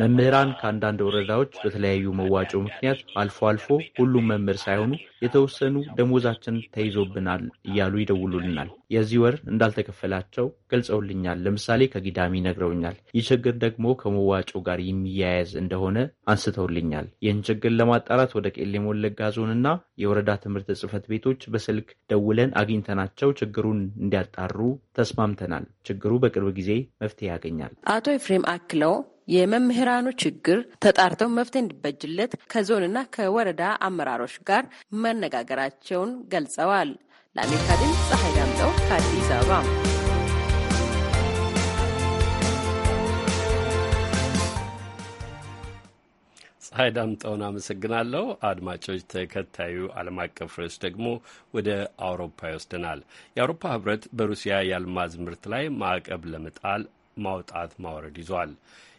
መምህራን ከአንዳንድ ወረዳዎች በተለያዩ መዋጮ ምክንያት አልፎ አልፎ ሁሉም መምህር ሳይሆኑ የተወሰኑ ደሞዛችን ተይዞብናል እያሉ ይደውሉልናል። የዚህ ወር እንዳልተከፈላቸው ገልጸውልኛል። ለምሳሌ ከጊዳሚ ነግረውኛል። ይህ ችግር ደግሞ ከመዋጮ ጋር የሚያያዝ እንደሆነ አንስተውልኛል። ይህን ችግር ለማጣራት ወደ ቄለም ወለጋ ዞንና የወረዳ ትምህርት ጽህፈት ቤቶች በስልክ ደውለን አግኝተናቸው ችግሩን እንዲያጣሩ ተስማምተናል። ችግሩ በቅርብ ጊዜ መፍትሄ ያገኛል። አቶ ኤፍሬም አክለው የመምህራኑ ችግር ተጣርተው መፍትሄ እንዲበጅለት ከዞንና ከወረዳ አመራሮች ጋር መነጋገራቸውን ገልጸዋል። ለአሜሪካ ድምፅ ፀሐይ ዳምጠው ከአዲስ አበባ። ፀሐይ ዳምጠውን አመሰግናለሁ። አድማጮች፣ ተከታዩ ዓለም አቀፍ ርዕስ ደግሞ ወደ አውሮፓ ይወስደናል። የአውሮፓ ህብረት በሩሲያ የአልማዝ ምርት ላይ ማዕቀብ ለመጣል ማውጣት ማውረድ ይዟል።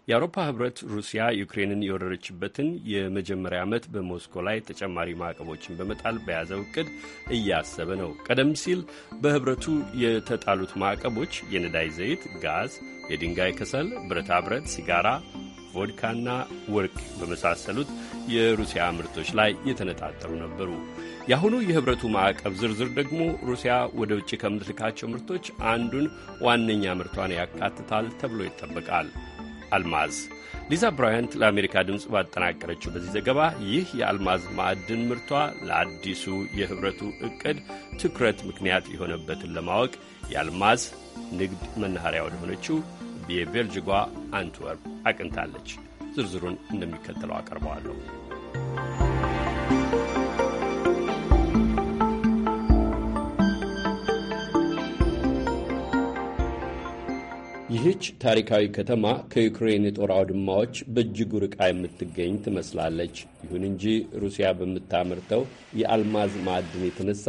የአውሮፓ ህብረት ሩሲያ ዩክሬንን የወረረችበትን የመጀመሪያ ዓመት በሞስኮ ላይ ተጨማሪ ማዕቀቦችን በመጣል በያዘው እቅድ እያሰበ ነው። ቀደም ሲል በህብረቱ የተጣሉት ማዕቀቦች የነዳጅ ዘይት፣ ጋዝ፣ የድንጋይ ከሰል፣ ብረታ ብረት፣ ሲጋራ፣ ቮድካና ወርቅ በመሳሰሉት የሩሲያ ምርቶች ላይ የተነጣጠሩ ነበሩ። የአሁኑ የህብረቱ ማዕቀብ ዝርዝር ደግሞ ሩሲያ ወደ ውጭ ከምትልካቸው ምርቶች አንዱን ዋነኛ ምርቷን ያካትታል ተብሎ ይጠበቃል። አልማዝ። ሊዛ ብራያንት ለአሜሪካ ድምፅ ባጠናቀረችው በዚህ ዘገባ ይህ የአልማዝ ማዕድን ምርቷ ለአዲሱ የህብረቱ ዕቅድ ትኩረት ምክንያት የሆነበትን ለማወቅ የአልማዝ ንግድ መናኸሪያ ወደሆነችው የቤልጅጓ አንትወርፕ አቅንታለች። ዝርዝሩን እንደሚከተለው አቀርበዋለሁ። ይህች ታሪካዊ ከተማ ከዩክሬን የጦር አውድማዎች በእጅጉ ርቃ የምትገኝ ትመስላለች። ይሁን እንጂ ሩሲያ በምታመርተው የአልማዝ ማዕድን የተነሳ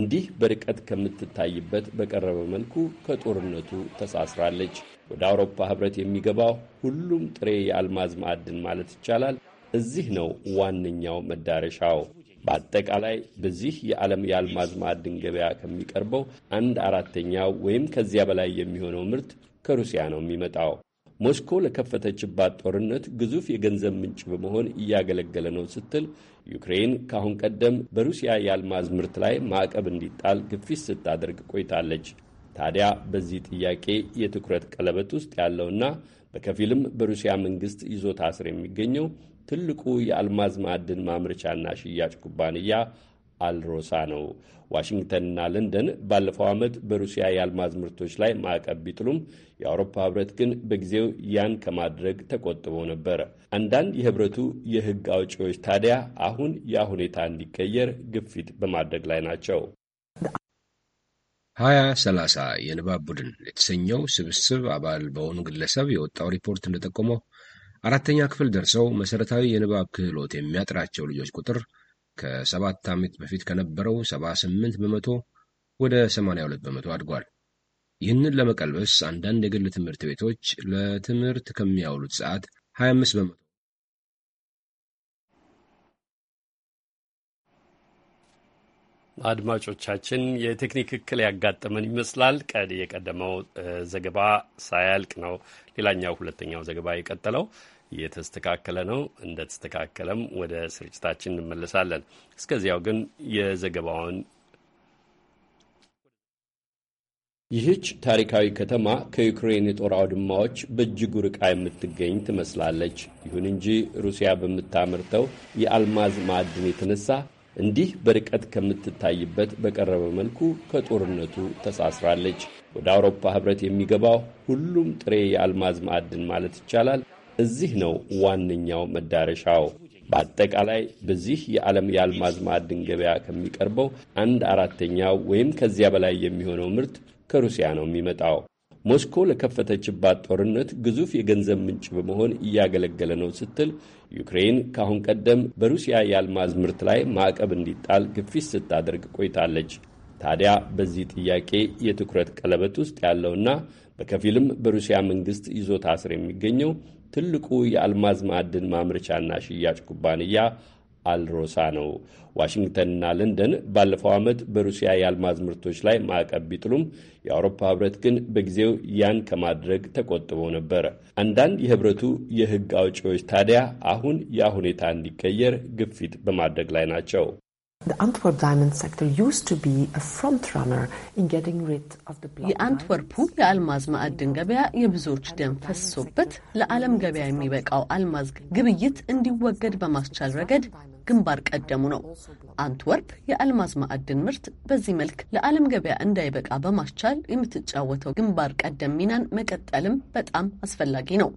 እንዲህ በርቀት ከምትታይበት በቀረበ መልኩ ከጦርነቱ ተሳስራለች። ወደ አውሮፓ ሕብረት የሚገባው ሁሉም ጥሬ የአልማዝ ማዕድን ማለት ይቻላል እዚህ ነው ዋነኛው መዳረሻው። በአጠቃላይ በዚህ የዓለም የአልማዝ ማዕድን ገበያ ከሚቀርበው አንድ አራተኛው ወይም ከዚያ በላይ የሚሆነው ምርት ከሩሲያ ነው የሚመጣው። ሞስኮ ለከፈተችባት ጦርነት ግዙፍ የገንዘብ ምንጭ በመሆን እያገለገለ ነው ስትል ዩክሬን ከአሁን ቀደም በሩሲያ የአልማዝ ምርት ላይ ማዕቀብ እንዲጣል ግፊት ስታደርግ ቆይታለች። ታዲያ በዚህ ጥያቄ የትኩረት ቀለበት ውስጥ ያለውና በከፊልም በሩሲያ መንግስት ይዞታ ስር የሚገኘው ትልቁ የአልማዝ ማዕድን ማምረቻና ሽያጭ ኩባንያ አልሮሳ ነው። ዋሽንግተንና ለንደን ባለፈው ዓመት በሩሲያ የአልማዝ ምርቶች ላይ ማዕቀብ ቢጥሉም የአውሮፓ ህብረት ግን በጊዜው ያን ከማድረግ ተቆጥቦ ነበር። አንዳንድ የህብረቱ የሕግ አውጪዎች ታዲያ አሁን ያ ሁኔታ እንዲቀየር ግፊት በማድረግ ላይ ናቸው። ሀያ ሰላሳ የንባብ ቡድን የተሰኘው ስብስብ አባል በሆኑ ግለሰብ የወጣው ሪፖርት እንደጠቆመው አራተኛ ክፍል ደርሰው መሠረታዊ የንባብ ክህሎት የሚያጥራቸው ልጆች ቁጥር ከሰባት ዓመት በፊት ከነበረው 78 በመቶ ወደ 82 በመቶ አድጓል። ይህንን ለመቀልበስ አንዳንድ የግል ትምህርት ቤቶች ለትምህርት ከሚያውሉት ሰዓት 25 በመቶ አድማጮቻችን የቴክኒክ እክል ያጋጠመን ይመስላል። ቀድ የቀደመው ዘገባ ሳያልቅ ነው ሌላኛው ሁለተኛው ዘገባ የቀጠለው። የተስተካከለ ነው። እንደተስተካከለም ወደ ስርጭታችን እንመለሳለን። እስከዚያው ግን የዘገባውን ይህች ታሪካዊ ከተማ ከዩክሬን የጦር አውድማዎች በእጅጉ ርቃ የምትገኝ ትመስላለች። ይሁን እንጂ ሩሲያ በምታመርተው የአልማዝ ማዕድን የተነሳ እንዲህ በርቀት ከምትታይበት በቀረበ መልኩ ከጦርነቱ ተሳስራለች። ወደ አውሮፓ ሕብረት የሚገባው ሁሉም ጥሬ የአልማዝ ማዕድን ማለት ይቻላል እዚህ ነው ዋነኛው መዳረሻው። በአጠቃላይ በዚህ የዓለም የአልማዝ ማዕድን ገበያ ከሚቀርበው አንድ አራተኛው ወይም ከዚያ በላይ የሚሆነው ምርት ከሩሲያ ነው የሚመጣው። ሞስኮ ለከፈተችባት ጦርነት ግዙፍ የገንዘብ ምንጭ በመሆን እያገለገለ ነው ስትል ዩክሬን ከአሁን ቀደም በሩሲያ የአልማዝ ምርት ላይ ማዕቀብ እንዲጣል ግፊት ስታደርግ ቆይታለች። ታዲያ በዚህ ጥያቄ የትኩረት ቀለበት ውስጥ ያለውና በከፊልም በሩሲያ መንግስት ይዞታ ስር የሚገኘው ትልቁ የአልማዝ ማዕድን ማምረቻና ሽያጭ ኩባንያ አልሮሳ ነው። ዋሽንግተንና ለንደን ባለፈው ዓመት በሩሲያ የአልማዝ ምርቶች ላይ ማዕቀብ ቢጥሉም የአውሮፓ ህብረት ግን በጊዜው ያን ከማድረግ ተቆጥቦ ነበር። አንዳንድ የህብረቱ የህግ አውጪዎች ታዲያ አሁን ያ ሁኔታ እንዲቀየር ግፊት በማድረግ ላይ ናቸው። የአንትወርፑ የአልማዝ ማዕድን ገበያ የብዙዎች ደም ፈሶበት ለዓለም ገበያ የሚበቃው አልማዝ ግብይት እንዲወገድ በማስቻል ረገድ ግንባር ቀደሙ ነው። አንትወርፕ የአልማዝ ማዕድን ምርት በዚህ መልክ ለዓለም ገበያ እንዳይበቃ በማስቻል የምትጫወተው ግንባር ቀደም ሚናን መቀጠልም በጣም አስፈላጊ ነው።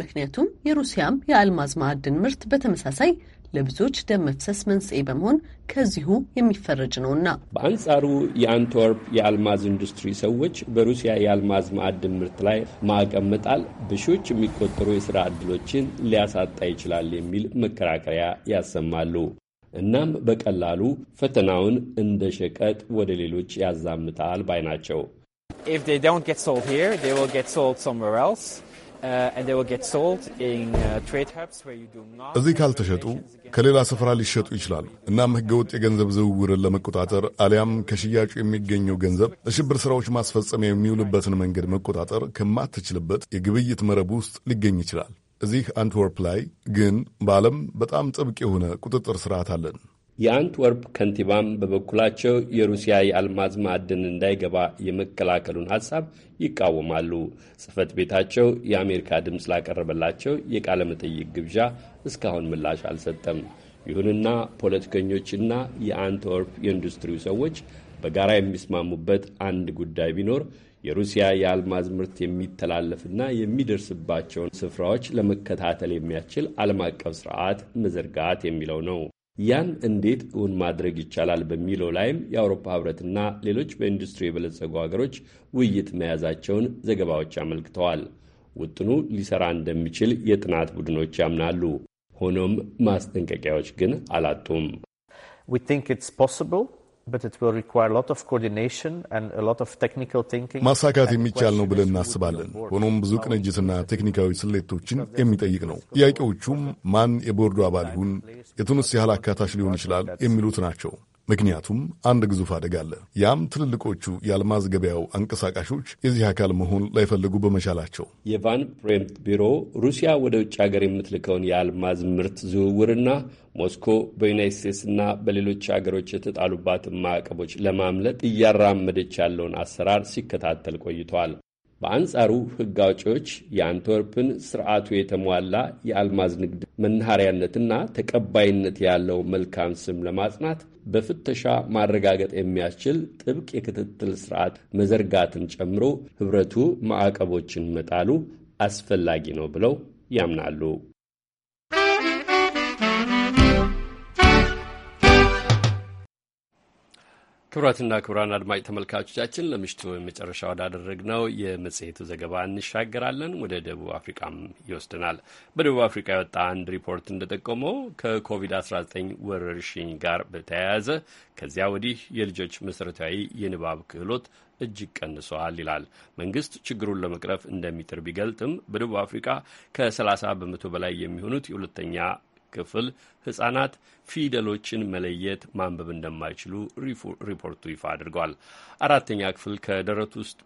ምክንያቱም የሩሲያም የአልማዝ ማዕድን ምርት በተመሳሳይ ለብዙዎች ደም መፍሰስ መንስኤ በመሆን ከዚሁ የሚፈረጅ ነውና። በአንጻሩ የአንትወርፕ የአልማዝ ኢንዱስትሪ ሰዎች በሩሲያ የአልማዝ ማዕድን ምርት ላይ ማዕቀብ መጣል በሺዎች የሚቆጠሩ የሥራ ዕድሎችን ሊያሳጣ ይችላል የሚል መከራከሪያ ያሰማሉ። እናም በቀላሉ ፈተናውን እንደ ሸቀጥ ወደ ሌሎች ያዛምታል ባይ ናቸው። Uh, uh, እዚህ ካልተሸጡ ከሌላ ስፍራ ሊሸጡ ይችላሉ። እናም ህገወጥ የገንዘብ ዝውውርን ለመቆጣጠር አሊያም ከሽያጩ የሚገኘው ገንዘብ ለሽብር ስራዎች ማስፈጸሚያ የሚውልበትን መንገድ መቆጣጠር ከማትችልበት የግብይት መረብ ውስጥ ሊገኝ ይችላል። እዚህ አንትወርፕ ላይ ግን በዓለም በጣም ጥብቅ የሆነ ቁጥጥር ስርዓት አለን። የአንትወርፕ ከንቲባም በበኩላቸው የሩሲያ የአልማዝ ማዕድን እንዳይገባ የመከላከሉን ሀሳብ ይቃወማሉ። ጽህፈት ቤታቸው የአሜሪካ ድምፅ ላቀረበላቸው የቃለ መጠይቅ ግብዣ እስካሁን ምላሽ አልሰጠም። ይሁንና ፖለቲከኞችና የአንትወርፕ የኢንዱስትሪው ሰዎች በጋራ የሚስማሙበት አንድ ጉዳይ ቢኖር የሩሲያ የአልማዝ ምርት የሚተላለፍና የሚደርስባቸውን ስፍራዎች ለመከታተል የሚያስችል ዓለም አቀፍ ስርዓት መዘርጋት የሚለው ነው። ያን እንዴት እውን ማድረግ ይቻላል በሚለው ላይም የአውሮፓ ህብረትና ሌሎች በኢንዱስትሪ የበለጸጉ ሀገሮች ውይይት መያዛቸውን ዘገባዎች አመልክተዋል። ውጥኑ ሊሰራ እንደሚችል የጥናት ቡድኖች ያምናሉ። ሆኖም ማስጠንቀቂያዎች ግን አላጡም። ማሳካት የሚቻል ነው ብለን እናስባለን። ሆኖም ብዙ ቅንጅትና ቴክኒካዊ ስሌቶችን የሚጠይቅ ነው። ጥያቄዎቹም ማን የቦርዱ አባል ይሁን፣ የቱንስ ያህል አካታች ሊሆን ይችላል የሚሉት ናቸው። ምክንያቱም አንድ ግዙፍ አደጋ አለ። ያም ትልልቆቹ የአልማዝ ገበያው አንቀሳቃሾች የዚህ አካል መሆን ላይፈልጉ በመቻላቸው። የቫን ፕሬምት ቢሮ ሩሲያ ወደ ውጭ ሀገር የምትልከውን የአልማዝ ምርት ዝውውርና ሞስኮ በዩናይት ስቴትስና በሌሎች ሀገሮች የተጣሉባትን ማዕቀቦች ለማምለጥ እያራመደች ያለውን አሰራር ሲከታተል ቆይቷል። በአንጻሩ ሕግ አውጪዎች የአንትወርፕን ስርዓቱ የተሟላ የአልማዝ ንግድ መናኸሪያነትና ተቀባይነት ያለው መልካም ስም ለማጽናት በፍተሻ ማረጋገጥ የሚያስችል ጥብቅ የክትትል ስርዓት መዘርጋትን ጨምሮ ህብረቱ ማዕቀቦችን መጣሉ አስፈላጊ ነው ብለው ያምናሉ። ክቡራትና ክቡራን አድማጭ ተመልካቾቻችን ለምሽቱ የመጨረሻ ወዳደረግነው የመጽሔቱ ዘገባ እንሻገራለን። ወደ ደቡብ አፍሪቃም ይወስደናል። በደቡብ አፍሪካ የወጣ አንድ ሪፖርት እንደጠቆመው ከኮቪድ-19 ወረርሽኝ ጋር በተያያዘ ከዚያ ወዲህ የልጆች መሠረታዊ የንባብ ክህሎት እጅግ ቀንሰዋል ይላል። መንግስት ችግሩን ለመቅረፍ እንደሚጥር ቢገልጥም በደቡብ አፍሪካ ከ30 በመቶ በላይ የሚሆኑት የሁለተኛ ክፍል ህጻናት ፊደሎችን መለየት ማንበብ እንደማይችሉ ሪፖርቱ ይፋ አድርገዋል። አራተኛ ክፍል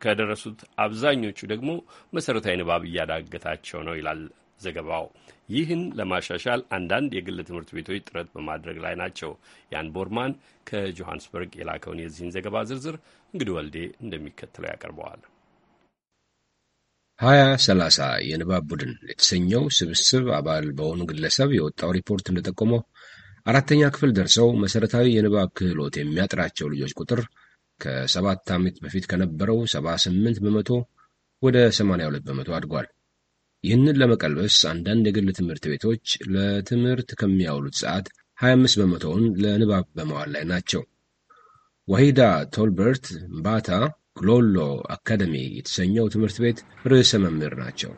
ከደረሱት አብዛኞቹ ደግሞ መሠረታዊ ንባብ እያዳገታቸው ነው ይላል ዘገባው። ይህን ለማሻሻል አንዳንድ የግል ትምህርት ቤቶች ጥረት በማድረግ ላይ ናቸው። ያን ቦርማን ከጆሃንስበርግ የላከውን የዚህን ዘገባ ዝርዝር እንግዲህ ወልዴ እንደሚከተለው ያቀርበዋል። ሀያ ሰላሳ የንባብ ቡድን የተሰኘው ስብስብ አባል በሆኑ ግለሰብ የወጣው ሪፖርት እንደጠቆመው አራተኛ ክፍል ደርሰው መሠረታዊ የንባብ ክህሎት የሚያጥራቸው ልጆች ቁጥር ከሰባት ዓመት በፊት ከነበረው 78 በመቶ ወደ 82 በመቶ አድጓል። ይህንን ለመቀልበስ አንዳንድ የግል ትምህርት ቤቶች ለትምህርት ከሚያውሉት ሰዓት 25 በመቶውን ለንባብ በመዋል ላይ ናቸው። ዋሂዳ ቶልበርት ባታ። ግሎሎ አካደሚ የተሰኘው ትምህርት ቤት ርዕሰ መምህር ናቸው።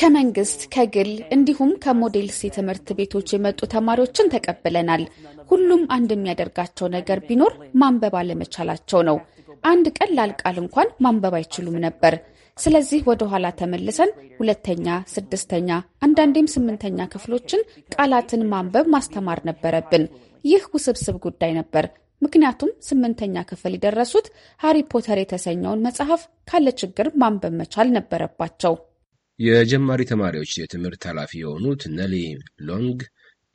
ከመንግስት ከግል እንዲሁም ከሞዴልሲ ትምህርት ቤቶች የመጡ ተማሪዎችን ተቀብለናል። ሁሉም አንድ የሚያደርጋቸው ነገር ቢኖር ማንበብ አለመቻላቸው ነው። አንድ ቀላል ቃል እንኳን ማንበብ አይችሉም ነበር። ስለዚህ ወደ ኋላ ተመልሰን ሁለተኛ፣ ስድስተኛ አንዳንዴም ስምንተኛ ክፍሎችን ቃላትን ማንበብ ማስተማር ነበረብን። ይህ ውስብስብ ጉዳይ ነበር። ምክንያቱም ስምንተኛ ክፍል የደረሱት ሃሪ ፖተር የተሰኘውን መጽሐፍ ካለ ችግር ማንበብ መቻል ነበረባቸው። የጀማሪ ተማሪዎች የትምህርት ኃላፊ የሆኑት ነሊ ሎንግ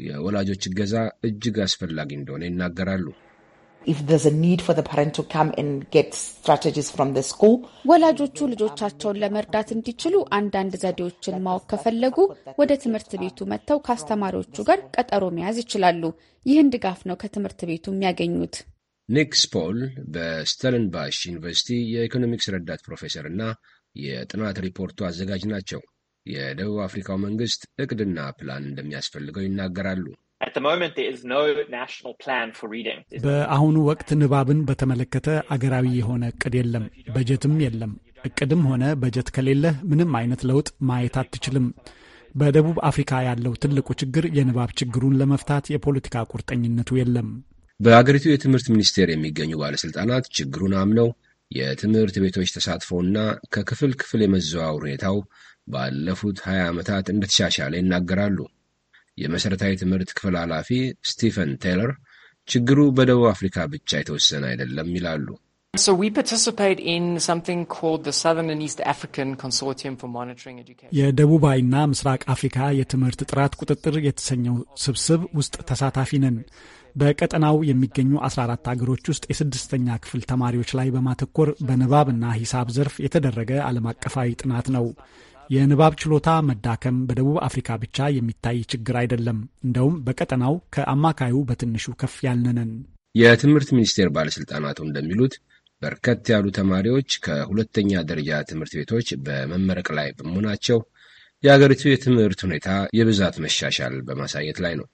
የወላጆች እገዛ እጅግ አስፈላጊ እንደሆነ ይናገራሉ። ወላጆቹ ልጆቻቸውን ለመርዳት እንዲችሉ አንዳንድ ዘዴዎችን ማወቅ ከፈለጉ ወደ ትምህርት ቤቱ መጥተው ከአስተማሪዎቹ ጋር ቀጠሮ መያዝ ይችላሉ። ይህን ድጋፍ ነው ከትምህርት ቤቱ የሚያገኙት። ኒክ ስፖል በስተለንባሽ ዩኒቨርሲቲ የኢኮኖሚክስ ረዳት ፕሮፌሰር እና የጥናት ሪፖርቱ አዘጋጅ ናቸው። የደቡብ አፍሪካው መንግስት እቅድና ፕላን እንደሚያስፈልገው ይናገራሉ። በአሁኑ ወቅት ንባብን በተመለከተ አገራዊ የሆነ እቅድ የለም፣ በጀትም የለም። እቅድም ሆነ በጀት ከሌለህ ምንም አይነት ለውጥ ማየት አትችልም። በደቡብ አፍሪካ ያለው ትልቁ ችግር የንባብ ችግሩን ለመፍታት የፖለቲካ ቁርጠኝነቱ የለም። በአገሪቱ የትምህርት ሚኒስቴር የሚገኙ ባለሥልጣናት ችግሩን አምነው የትምህርት ቤቶች ተሳትፎና ከክፍል ክፍል የመዘዋወር ሁኔታው ባለፉት 20 ዓመታት እንደተሻሻለ ይናገራሉ። የመሠረታዊ ትምህርት ክፍል ኃላፊ ስቲፈን ቴይለር ችግሩ በደቡብ አፍሪካ ብቻ የተወሰነ አይደለም ይላሉ። የደቡባዊና ምስራቅ አፍሪካ የትምህርት ጥራት ቁጥጥር የተሰኘው ስብስብ ውስጥ ተሳታፊ ነን። በቀጠናው የሚገኙ 14 አገሮች ውስጥ የስድስተኛ ክፍል ተማሪዎች ላይ በማተኮር በንባብና ሂሳብ ዘርፍ የተደረገ ዓለም አቀፋዊ ጥናት ነው። የንባብ ችሎታ መዳከም በደቡብ አፍሪካ ብቻ የሚታይ ችግር አይደለም። እንደውም በቀጠናው ከአማካዩ በትንሹ ከፍ ያልንንን። የትምህርት ሚኒስቴር ባለሥልጣናቱ እንደሚሉት በርከት ያሉ ተማሪዎች ከሁለተኛ ደረጃ ትምህርት ቤቶች በመመረቅ ላይ በመሆናቸው የአገሪቱ የትምህርት ሁኔታ የብዛት መሻሻል በማሳየት ላይ ነው።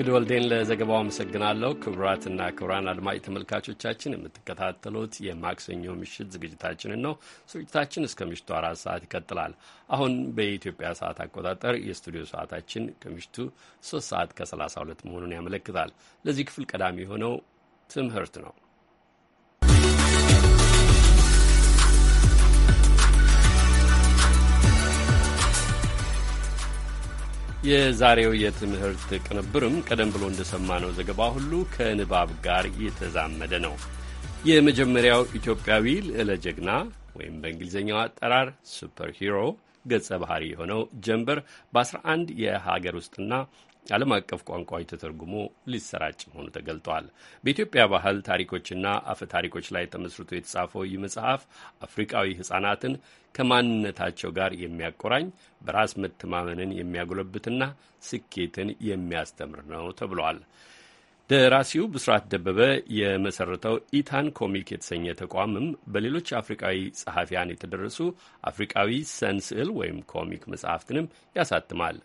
እንግዲህ ወልዴን ለዘገባው አመሰግናለሁ። ክቡራትና ክቡራን አድማጭ ተመልካቾቻችን የምትከታተሉት የማክሰኞ ምሽት ዝግጅታችንን ነው። ዝግጅታችን እስከ ምሽቱ አራት ሰዓት ይቀጥላል። አሁን በኢትዮጵያ ሰዓት አቆጣጠር የስቱዲዮ ሰዓታችን ከምሽቱ ሶስት ሰዓት ከሰላሳ ሁለት መሆኑን ያመለክታል። ለዚህ ክፍል ቀዳሚ የሆነው ትምህርት ነው። የዛሬው የትምህርት ቅንብርም ቀደም ብሎ እንደሰማነው ዘገባ ሁሉ ከንባብ ጋር የተዛመደ ነው። የመጀመሪያው ኢትዮጵያዊ ልዕለ ጀግና ወይም በእንግሊዝኛው አጠራር ሱፐር ሂሮ ገጸ ባህሪ የሆነው ጀንበር በ11 የሀገር ውስጥና ዓለም አቀፍ ቋንቋዎች ተተርጉሞ ሊሰራጭ መሆኑ ተገልጧል። በኢትዮጵያ ባህል ታሪኮችና አፈ ታሪኮች ላይ ተመስርቶ የተጻፈው ይህ መጽሐፍ አፍሪቃዊ ሕጻናትን ከማንነታቸው ጋር የሚያቆራኝ በራስ መተማመንን የሚያጎለብትና ስኬትን የሚያስተምር ነው ተብሏል። ደራሲው ብስራት ደበበ የመሰረተው ኢታን ኮሚክ የተሰኘ ተቋምም በሌሎች አፍሪቃዊ ጸሐፊያን የተደረሱ አፍሪቃዊ ሰንስዕል ወይም ኮሚክ መጽሐፍትንም ያሳትማል።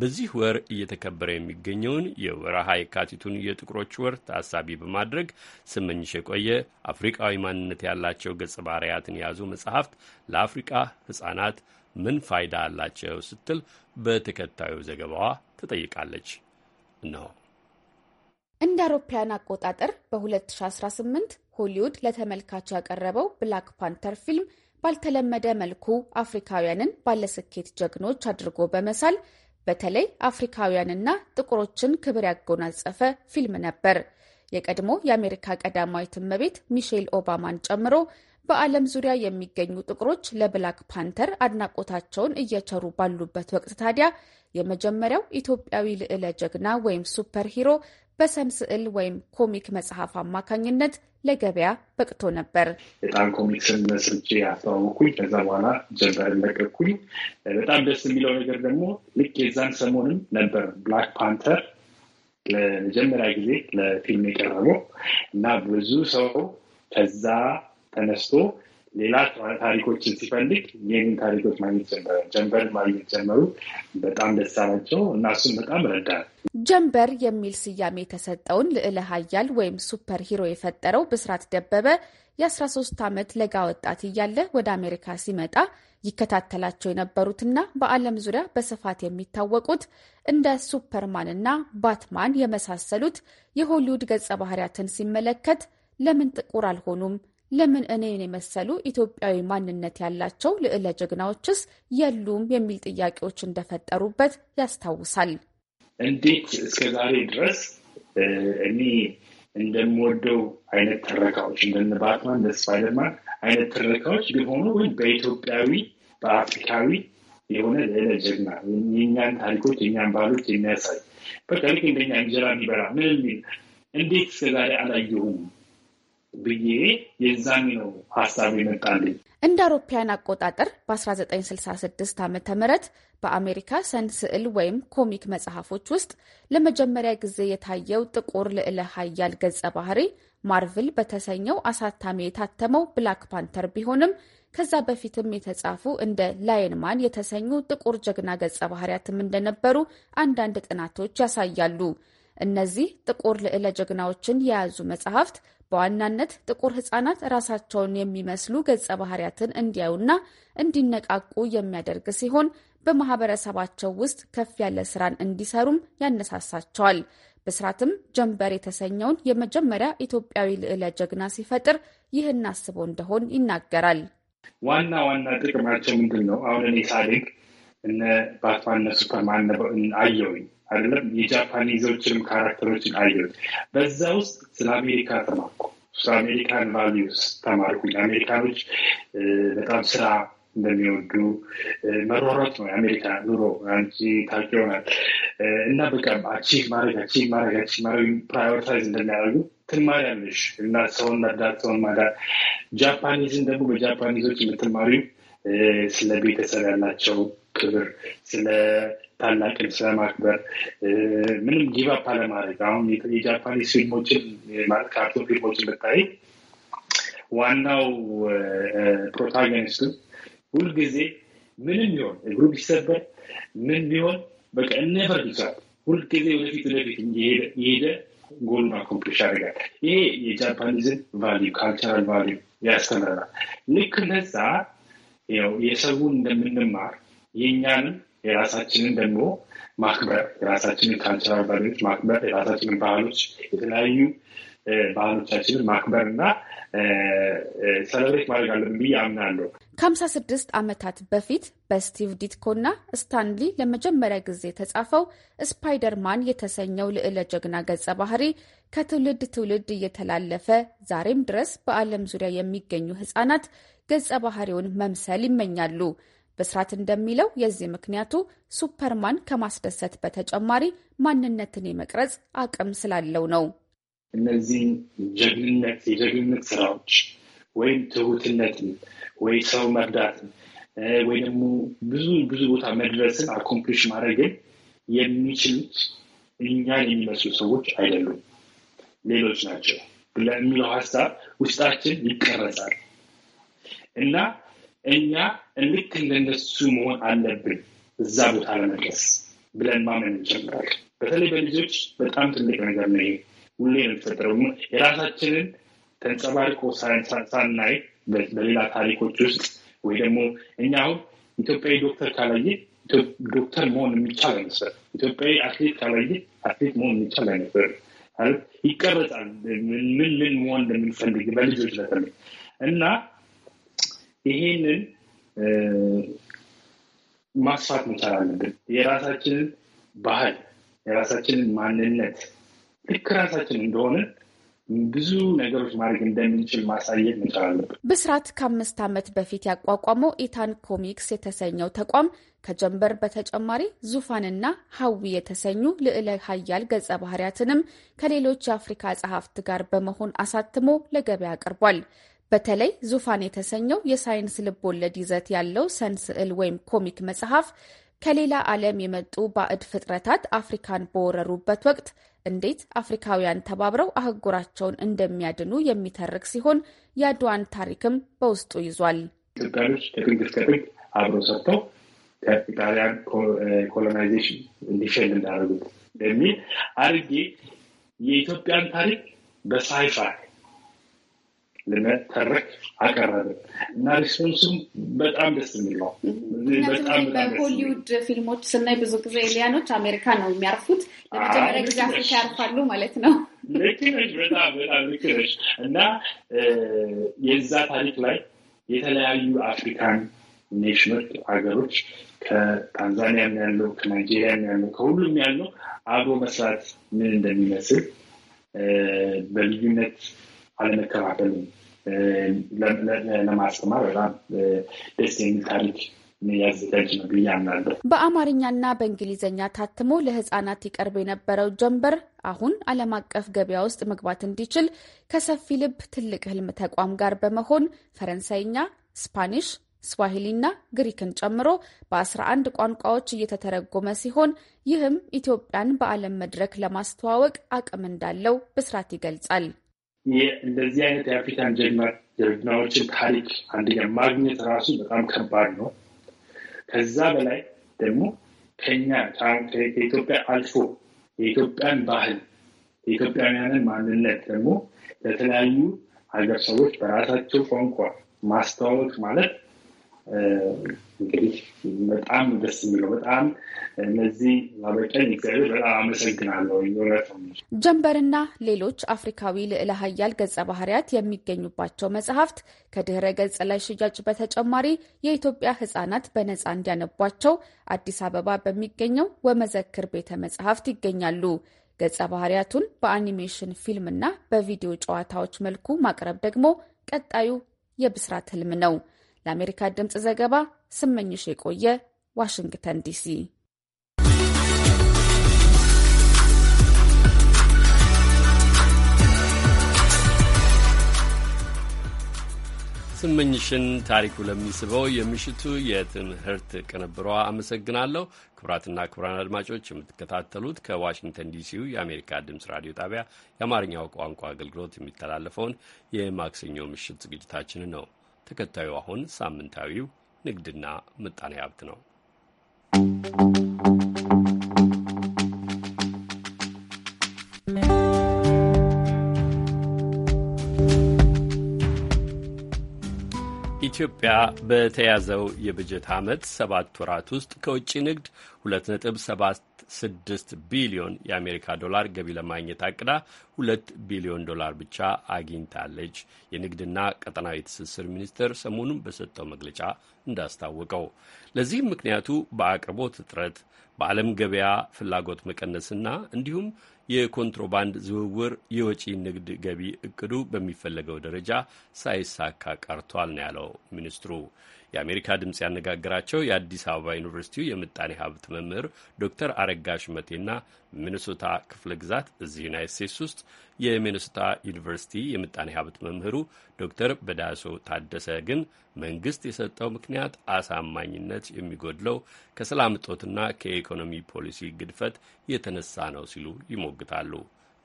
በዚህ ወር እየተከበረ የሚገኘውን የወርሃ የካቲቱን የጥቁሮች ወር ታሳቢ በማድረግ ስመኝሽ የቆየ አፍሪቃዊ ማንነት ያላቸው ገጸ ባህርያትን የያዙ መጽሐፍት ለአፍሪቃ ሕጻናት ምን ፋይዳ አላቸው ስትል በተከታዩ ዘገባዋ ትጠይቃለች ነው። እንደ አውሮፓያን አቆጣጠር በ2018 ሆሊውድ ለተመልካች ያቀረበው ብላክ ፓንተር ፊልም ባልተለመደ መልኩ አፍሪካውያንን ባለስኬት ጀግኖች አድርጎ በመሳል በተለይ አፍሪካውያንና ጥቁሮችን ክብር ያጎናጸፈ ፊልም ነበር። የቀድሞ የአሜሪካ ቀዳማዊት እመቤት ሚሼል ኦባማን ጨምሮ በዓለም ዙሪያ የሚገኙ ጥቁሮች ለብላክ ፓንተር አድናቆታቸውን እየቸሩ ባሉበት ወቅት ታዲያ የመጀመሪያው ኢትዮጵያዊ ልዕለ ጀግና ወይም ሱፐር ሂሮ በሰም ስዕል ወይም ኮሚክ መጽሐፍ አማካኝነት ለገበያ በቅቶ ነበር። በጣም ኮሚክስን መስርቼ ያስተዋወኩኝ፣ ከዛ በኋላ ጀንበርን ለቀቅኩኝ። በጣም ደስ የሚለው ነገር ደግሞ ልክ የዛን ሰሞንም ነበር ብላክ ፓንተር ለመጀመሪያ ጊዜ ለፊልም የቀረበው እና ብዙ ሰው ከዛ ተነስቶ ሌላ ታሪኮችን ሲፈልግ ይህንን ታሪኮች ማግኘት ጀመረ። ጀንበር ማግኘት ጀመሩ። በጣም ደሳ ናቸው እና እሱም በጣም ረዳል። ጀንበር የሚል ስያሜ የተሰጠውን ልዕለ ሀያል ወይም ሱፐር ሂሮ የፈጠረው ብስራት ደበበ የ13 ዓመት ለጋ ወጣት እያለ ወደ አሜሪካ ሲመጣ ይከታተላቸው የነበሩትና በዓለም ዙሪያ በስፋት የሚታወቁት እንደ ሱፐርማን እና ባትማን የመሳሰሉት የሆሊውድ ገጸ ባህሪያትን ሲመለከት ለምን ጥቁር አልሆኑም ለምን እኔን የመሰሉ ኢትዮጵያዊ ማንነት ያላቸው ልዕለ ጀግናዎችስ የሉም የሚል ጥያቄዎች እንደፈጠሩበት ያስታውሳል። እንዴት እስከ ዛሬ ድረስ እኔ እንደምወደው አይነት ትረካዎች እንደ ባትማን እንደ ስፓይደርማን አይነት ትረካዎች ቢሆኑ ወይ በኢትዮጵያዊ በአፍሪካዊ የሆነ ልዕለ ጀግና የእኛን ታሪኮች የእኛን ባህሎች የሚያሳይ በቃ ልክ እንደኛ እንጀራ የሚበላ ምን የሚል እንዴት እስከ ዛሬ አላየሁም ብዬ የዛን ነው ሀሳብ ይመጣልኝ። እንደ አውሮፓውያን አቆጣጠር በ1966 ዓ ም በአሜሪካ ሰን ስዕል ወይም ኮሚክ መጽሐፎች ውስጥ ለመጀመሪያ ጊዜ የታየው ጥቁር ልዕለ ሀያል ገጸ ባህሪ ማርቭል በተሰኘው አሳታሚ የታተመው ብላክ ፓንተር ቢሆንም ከዛ በፊትም የተጻፉ እንደ ላየንማን የተሰኙ ጥቁር ጀግና ገጸ ባህርያትም እንደነበሩ አንዳንድ ጥናቶች ያሳያሉ። እነዚህ ጥቁር ልዕለ ጀግናዎችን የያዙ መጽሐፍት በዋናነት ጥቁር ህጻናት ራሳቸውን የሚመስሉ ገጸ ባህሪያትን እንዲያዩና እንዲነቃቁ የሚያደርግ ሲሆን በማህበረሰባቸው ውስጥ ከፍ ያለ ስራን እንዲሰሩም ያነሳሳቸዋል። ብስራትም ጀንበር የተሰኘውን የመጀመሪያ ኢትዮጵያዊ ልዕለ ጀግና ሲፈጥር ይህን አስቦ እንደሆን ይናገራል። ዋና ዋና ጥቅማቸው ምንድን ነው? አሁን እኔ ሳድግ እነ ባትማን እነ ሱፐርማን አይደለም የጃፓኒዞችንም ካራክተሮችን አየሁት። በዛ ውስጥ ስለ አሜሪካ ተማርኩ። ስለ አሜሪካን ቫሊዩስ ተማርኩኝ። አሜሪካኖች በጣም ስራ እንደሚወዱ መሯሯጥ ነው የአሜሪካ ኑሮ። አንቺ ታውቂው ይሆናል እና በቃ አቺቭ ማድረግ አቺቭ ማድረግ አቺቭ ማድረግ ፕራዮሪታይዝ እንደሚያደርጉ ትማሪያለሽ እና ሰውን መርዳት፣ ሰውን ማዳር ጃፓኒዝን ደግሞ በጃፓኒዞች የምትማሪው ስለ ቤተሰብ ያላቸው ክብር ስለ ታላቅን ስለማክበር ምንም ጊቫፕ አለማድረግ። አሁን የጃፓኒስ ፊልሞችን ማለት ካርቶን ፊልሞችን ብታይ ዋናው ፕሮታጎኒስቱ ሁልጊዜ ምንም ቢሆን እግሩ ቢሰበር ምን ቢሆን በቃ እነፈር ቢሰራል ሁልጊዜ ወደፊት ወደፊት እየሄደ ጎል አኮምፕሊሽ ያደርጋል። ይሄ የጃፓኒዝን ቫሊዩ ካልቸራል ቫሊዩ ያስተምረናል። ልክ ነዛ የሰውን እንደምንማር የእኛንም የራሳችንን ደግሞ ማክበር የራሳችንን ካልቸራል ቫሊዎች ማክበር የራሳችንን ባህሎች የተለያዩ ባህሎቻችንን ማክበር እና ሰለብሬት ማድረግ አለብን ብዬ አምናለሁ። ከሀምሳ ስድስት ዓመታት በፊት በስቲቭ ዲትኮና ስታንሊ ለመጀመሪያ ጊዜ የተጻፈው ስፓይደርማን የተሰኘው ልዕለ ጀግና ገጸ ባህሪ ከትውልድ ትውልድ እየተላለፈ ዛሬም ድረስ በዓለም ዙሪያ የሚገኙ ህጻናት ገጸ ባህሪውን መምሰል ይመኛሉ። ብስራት እንደሚለው የዚህ ምክንያቱ ሱፐርማን ከማስደሰት በተጨማሪ ማንነትን የመቅረጽ አቅም ስላለው ነው። እነዚህ ጀግንነት የጀግንነት ስራዎች ወይም ትሁትነትን ወይ ሰው መርዳትን ወይ ደግሞ ብዙ ብዙ ቦታ መድረስን አኮምፕሊሽ ማድረግን የሚችሉት እኛን የሚመስሉ ሰዎች አይደሉም፣ ሌሎች ናቸው ለሚለው ሀሳብ ውስጣችን ይቀረጻል እና እኛ ልክ እንደነሱ መሆን አለብን እዛ ቦታ ለመድረስ ብለን ማመን ይጀምራል። በተለይ በልጆች በጣም ትልቅ ነገር ነው። ይሄ ሁሌ የምትፈጥረው የራሳችንን ተንጸባርቆ ሳናይ በሌላ ታሪኮች ውስጥ ወይ ደግሞ እኛ አሁን ኢትዮጵያዊ ዶክተር ካላየ ዶክተር መሆን የሚቻል አይመስልም። ኢትዮጵያዊ አትሌት ካላየ አትሌት መሆን የሚቻል አይመስልም። ይቀረጻል ምን ምን መሆን እንደምንፈልግ በልጆች ለተለ እና ይሄንን ማስፋት መቻል አለብን። የራሳችንን ባህል፣ የራሳችንን ማንነት ልክ ራሳችን እንደሆነ ብዙ ነገሮች ማድረግ እንደምንችል ማሳየት መቻል አለብን። ብስራት ከአምስት ዓመት በፊት ያቋቋመው ኢታን ኮሚክስ የተሰኘው ተቋም ከጀንበር በተጨማሪ ዙፋንና ሀዊ የተሰኙ ልዕለ ሀያል ገጸ ባህሪያትንም ከሌሎች የአፍሪካ ጸሐፍት ጋር በመሆን አሳትሞ ለገበያ አቅርቧል። በተለይ ዙፋን የተሰኘው የሳይንስ ልቦለድ ይዘት ያለው ሰን ስዕል ወይም ኮሚክ መጽሐፍ ከሌላ ዓለም የመጡ ባዕድ ፍጥረታት አፍሪካን በወረሩበት ወቅት እንዴት አፍሪካውያን ተባብረው አህጉራቸውን እንደሚያድኑ የሚተርክ ሲሆን የአድዋን ታሪክም በውስጡ ይዟል። ኢትዮጵያኖች ከጥግ እስከ ጥግ አብረው ሰርተው ከኢጣሊያን ኮሎናይዜሽን እንዲሸል እንዳደርጉት በሚል አድርጌ የኢትዮጵያን ታሪክ በሳይፋይ ለመተረክ አቀረብ እና ሪስፖንሱም በጣም ደስ የሚል ነው። በሆሊውድ ፊልሞች ስናይ ብዙ ጊዜ ኤሊያኖች አሜሪካ ነው የሚያርፉት። ለመጀመሪያ ጊዜ አፍሪካ ያርፋሉ ማለት ነው። ልክ ነሽ፣ በጣም በጣም ልክ ነሽ። እና የዛ ታሪክ ላይ የተለያዩ አፍሪካን ኔሽኖች ሀገሮች ከታንዛኒያም ያለው ከናይጄሪያም ያለው ከሁሉም ያለው አብሮ መስራት ምን እንደሚመስል በልዩነት አለመከፋፈልን ለማስተማር በጣም ደስ የሚል ታሪክ በአማርኛና በእንግሊዝኛ ታትሞ ለህጻናት ይቀርብ የነበረው ጀንበር አሁን ዓለም አቀፍ ገበያ ውስጥ መግባት እንዲችል ከሰፊ ልብ ትልቅ ህልም ተቋም ጋር በመሆን ፈረንሳይኛ፣ ስፓኒሽ፣ ስዋሂሊና ግሪክን ጨምሮ በ11 ቋንቋዎች እየተተረጎመ ሲሆን ይህም ኢትዮጵያን በዓለም መድረክ ለማስተዋወቅ አቅም እንዳለው ብስራት ይገልጻል። እንደዚህ አይነት የአፍሪካን ጀግናዎችን ታሪክ አንደኛ ማግኘት ራሱ በጣም ከባድ ነው። ከዛ በላይ ደግሞ ከኛ ከኢትዮጵያ አልፎ የኢትዮጵያን ባህል የኢትዮጵያውያንን ማንነት ደግሞ ለተለያዩ ሀገር ሰዎች በራሳቸው ቋንቋ ማስተዋወቅ ማለት እንግዲህ በጣም ደስ የሚለው በጣም እነዚህ ላበቀኝ እግዚአብሔር በጣም አመሰግናለሁ። ጀንበርና ሌሎች አፍሪካዊ ልዕለ ሀያል ገጸ ባህርያት የሚገኙባቸው መጽሐፍት ከድህረ ገጽ ላይ ሽያጭ በተጨማሪ የኢትዮጵያ ህጻናት በነጻ እንዲያነቧቸው አዲስ አበባ በሚገኘው ወመዘክር ቤተ መጽሐፍት ይገኛሉ። ገጸ ባህርያቱን በአኒሜሽን ፊልምና በቪዲዮ ጨዋታዎች መልኩ ማቅረብ ደግሞ ቀጣዩ የብስራት ህልም ነው። ለአሜሪካ ድምፅ ዘገባ ስመኝሽ የቆየ ዋሽንግተን ዲሲ። ስመኝሽን ታሪኩ ለሚስበው የምሽቱ የትምህርት ቅንብሯ አመሰግናለሁ። ክቡራትና ክቡራን አድማጮች የምትከታተሉት ከዋሽንግተን ዲሲው የአሜሪካ ድምፅ ራዲዮ ጣቢያ የአማርኛው ቋንቋ አገልግሎት የሚተላለፈውን የማክሰኞ ምሽት ዝግጅታችንን ነው። ተከታዩ አሁን ሳምንታዊው ንግድና ምጣኔ ሀብት ነው። ኢትዮጵያ በተያዘው የበጀት ዓመት ሰባት ወራት ውስጥ ከውጭ ንግድ 2.7 ስድስት ቢሊዮን የአሜሪካ ዶላር ገቢ ለማግኘት አቅዳ ሁለት ቢሊዮን ዶላር ብቻ አግኝታለች። የንግድና ቀጠናዊ ትስስር ሚኒስቴር ሰሞኑን በሰጠው መግለጫ እንዳስታወቀው ለዚህም ምክንያቱ በአቅርቦት እጥረት፣ በዓለም ገበያ ፍላጎት መቀነስና እንዲሁም የኮንትሮባንድ ዝውውር የወጪ ንግድ ገቢ እቅዱ በሚፈለገው ደረጃ ሳይሳካ ቀርቷል ነው ያለው ሚኒስትሩ። የአሜሪካ ድምፅ ያነጋገራቸው የአዲስ አበባ ዩኒቨርሲቲው የምጣኔ ሀብት መምህር ዶክተር አረጋ ሽመቴና ሚኒሶታ ክፍለ ግዛት እዚህ ዩናይት ስቴትስ ውስጥ የሚኒሶታ ዩኒቨርሲቲ የምጣኔ ሀብት መምህሩ ዶክተር በዳሶ ታደሰ ግን መንግስት የሰጠው ምክንያት አሳማኝነት የሚጎድለው ከሰላም እጦትና ከኢኮኖሚ ፖሊሲ ግድፈት የተነሳ ነው ሲሉ ይሞግታሉ።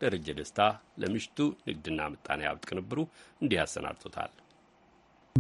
ደረጀ ደስታ ለምሽቱ ንግድና ምጣኔ ሀብት ቅንብሩ እንዲህ አሰናድቶታል።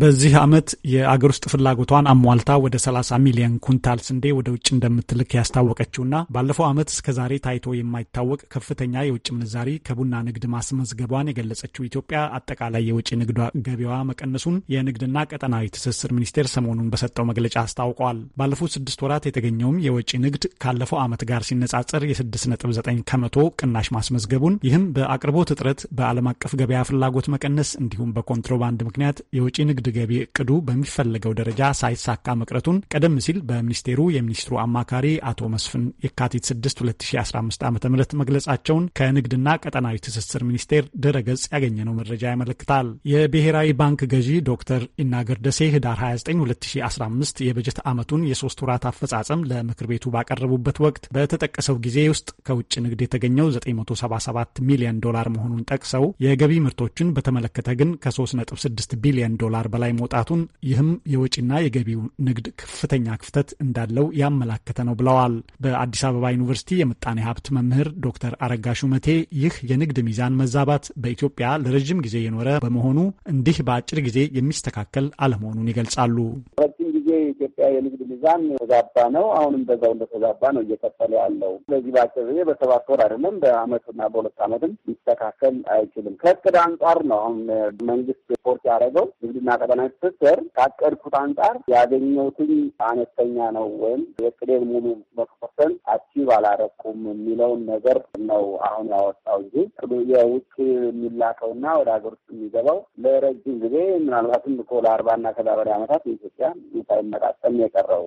በዚህ ዓመት የአገር ውስጥ ፍላጎቷን አሟልታ ወደ 30 ሚሊዮን ኩንታል ስንዴ ወደ ውጭ እንደምትልክ ያስታወቀችውና ባለፈው ዓመት እስከዛሬ ታይቶ የማይታወቅ ከፍተኛ የውጭ ምንዛሪ ከቡና ንግድ ማስመዝገቧን የገለጸችው ኢትዮጵያ አጠቃላይ የውጭ ንግድ ገቢዋ መቀነሱን የንግድና ቀጠናዊ ትስስር ሚኒስቴር ሰሞኑን በሰጠው መግለጫ አስታውቀዋል። ባለፉት ስድስት ወራት የተገኘውም የውጭ ንግድ ካለፈው ዓመት ጋር ሲነጻጸር የ6.9 ከመቶ ቅናሽ ማስመዝገቡን ይህም በአቅርቦት እጥረት፣ በዓለም አቀፍ ገበያ ፍላጎት መቀነስ እንዲሁም በኮንትሮባንድ ምክንያት የውጭ ንግድ የንግድ ገቢ እቅዱ በሚፈለገው ደረጃ ሳይሳካ መቅረቱን ቀደም ሲል በሚኒስቴሩ የሚኒስትሩ አማካሪ አቶ መስፍን የካቲት 6 2015 ዓ ም መግለጻቸውን ከንግድና ቀጠናዊ ትስስር ሚኒስቴር ድረገጽ ያገኘነው መረጃ ያመለክታል። የብሔራዊ ባንክ ገዢ ዶክተር ኢናገር ደሴ ህዳር 29 2015 የበጀት ዓመቱን የሶስት ወራት አፈጻጸም ለምክር ቤቱ ባቀረቡበት ወቅት በተጠቀሰው ጊዜ ውስጥ ከውጭ ንግድ የተገኘው 977 ሚሊዮን ዶላር መሆኑን ጠቅሰው የገቢ ምርቶችን በተመለከተ ግን ከ3.6 ቢሊዮን ዶላር በላይ መውጣቱን ይህም የወጪና የገቢው ንግድ ከፍተኛ ክፍተት እንዳለው ያመላከተ ነው ብለዋል። በአዲስ አበባ ዩኒቨርሲቲ የምጣኔ ሀብት መምህር ዶክተር አረጋ ሹመቴ ይህ የንግድ ሚዛን መዛባት በኢትዮጵያ ለረዥም ጊዜ የኖረ በመሆኑ እንዲህ በአጭር ጊዜ የሚስተካከል አለመሆኑን ይገልጻሉ። ጊዜ የኢትዮጵያ የንግድ ሚዛን ተዛባ ነው። አሁንም በዛው እንደተዛባ ነው እየቀጠለ ያለው። ስለዚህ በአጭር ጊዜ በሰባት ወር አይደለም በአመትና በሁለት አመትም ሊስተካከል አይችልም። ከእቅድ አንጻር ነው አሁን መንግስት ሪፖርት ያደረገው ንግድና ቀጠናዊ ትስስር ካቀድኩት አንጻር ያገኘሁትኝ አነስተኛ ነው ወይም የቅዴን ሙሉ መቶ አቺቭ አላረኩም የሚለውን ነገር ነው አሁን ያወጣው እንጂ የውጭ የሚላከውና ወደ ሀገር ውስጥ የሚገባው ለረጅም ጊዜ ምናልባትም ከ ለአርባና ከዛ በላይ አመታት የኢትዮጵያ ሳይመጣጠም የቀረው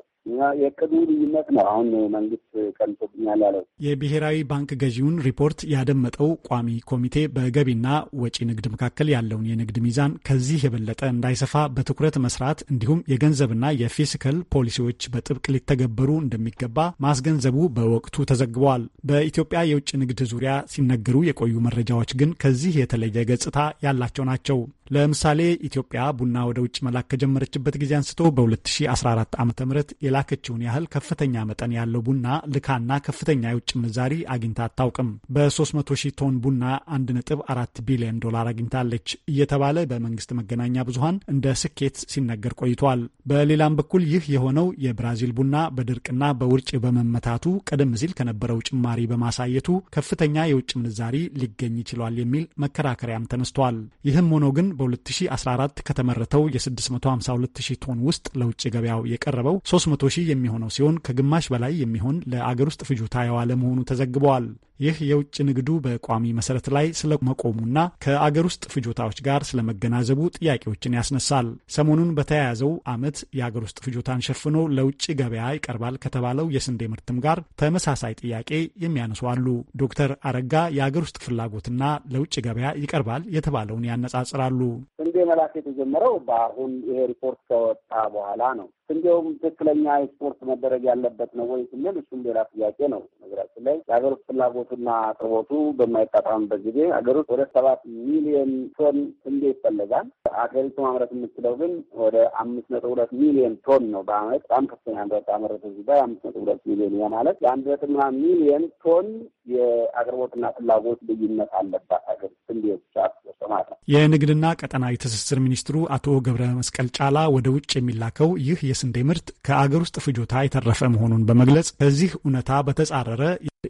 የቅዱ ልዩነት ነው። አሁን መንግስት ቀንቶብኛል ያለው የብሔራዊ ባንክ ገዢውን ሪፖርት ያደመጠው ቋሚ ኮሚቴ በገቢና ወጪ ንግድ መካከል ያለውን የንግድ ሚዛን ከዚህ የበለጠ እንዳይሰፋ በትኩረት መስራት እንዲሁም የገንዘብና የፊስካል ፖሊሲዎች በጥብቅ ሊተገበሩ እንደሚገባ ማስገንዘቡ በወቅቱ ተዘግበዋል። በኢትዮጵያ የውጭ ንግድ ዙሪያ ሲነገሩ የቆዩ መረጃዎች ግን ከዚህ የተለየ ገጽታ ያላቸው ናቸው። ለምሳሌ ኢትዮጵያ ቡና ወደ ውጭ መላክ ከጀመረችበት ጊዜ አንስቶ በ2014 ዓ ም የላከችውን ያህል ከፍተኛ መጠን ያለው ቡና ልካና ከፍተኛ የውጭ ምንዛሪ አግኝታ አታውቅም። በ300 ሺህ ቶን ቡና 1.4 ቢሊዮን ዶላር አግኝታለች እየተባለ በመንግስት መገናኛ ብዙሀን እንደ ስኬት ሲነገር ቆይቷል። በሌላም በኩል ይህ የሆነው የብራዚል ቡና በድርቅና በውርጭ በመመታቱ ቀደም ሲል ከነበረው ጭማሪ በማሳየቱ ከፍተኛ የውጭ ምንዛሪ ሊገኝ ይችሏል የሚል መከራከሪያም ተነስቷል። ይህም ሆኖ ግን በ2014 ከተመረተው የ652 ቶን ውስጥ ለውጭ ገበያው የቀረበው 300000 ሺህ የሚሆነው ሲሆን ከግማሽ በላይ የሚሆን ለአገር ውስጥ ፍጆታ የዋለ መሆኑ ተዘግበዋል። ይህ የውጭ ንግዱ በቋሚ መሰረት ላይ ስለመቆሙና ከአገር ውስጥ ፍጆታዎች ጋር ስለመገናዘቡ ጥያቄዎችን ያስነሳል። ሰሞኑን በተያያዘው ዓመት የአገር ውስጥ ፍጆታን ሸፍኖ ለውጭ ገበያ ይቀርባል ከተባለው የስንዴ ምርትም ጋር ተመሳሳይ ጥያቄ የሚያነሱ አሉ። ዶክተር አረጋ የአገር ውስጥ ፍላጎትና ለውጭ ገበያ ይቀርባል የተባለውን ያነጻጽራሉ። ስንዴ መላክ የተጀመረው በአሁን ይሄ ሪፖርት ከወጣ በኋላ ነው። እንዲሁም ትክክለኛ ኤክስፖርት መደረግ ያለበት ነው ወይ ስንል እሱም ሌላ ጥያቄ ነው። ነገራችን ላይ የሀገር ውስጥ ፍላጎቱና አቅርቦቱ በማይጣጣምበት ጊዜ ሀገር ውስጥ ወደ ሰባት ሚሊዮን ቶን ስንዴ ይፈለጋል። አገሪቱ ማምረት የምችለው ግን ወደ አምስት ነጥብ ሁለት ሚሊዮን ቶን ነው በአመት። በጣም ከፍተኛ ንረት አመረት ጋር አምስት ነጥብ ሁለት ሚሊዮን ያ ማለት የአንድ ነጥብ ምናምን ሚሊዮን ቶን የአቅርቦትና ፍላጎት ልዩነት አለባት ሀገር የንግድና ቀጠናዊ ትስስር ሚኒስትሩ አቶ ገብረ መስቀል ጫላ ወደ ውጭ የሚላከው ይህ የስንዴ ምርት ከአገር ውስጥ ፍጆታ የተረፈ መሆኑን በመግለጽ ከዚህ እውነታ በተጻረረ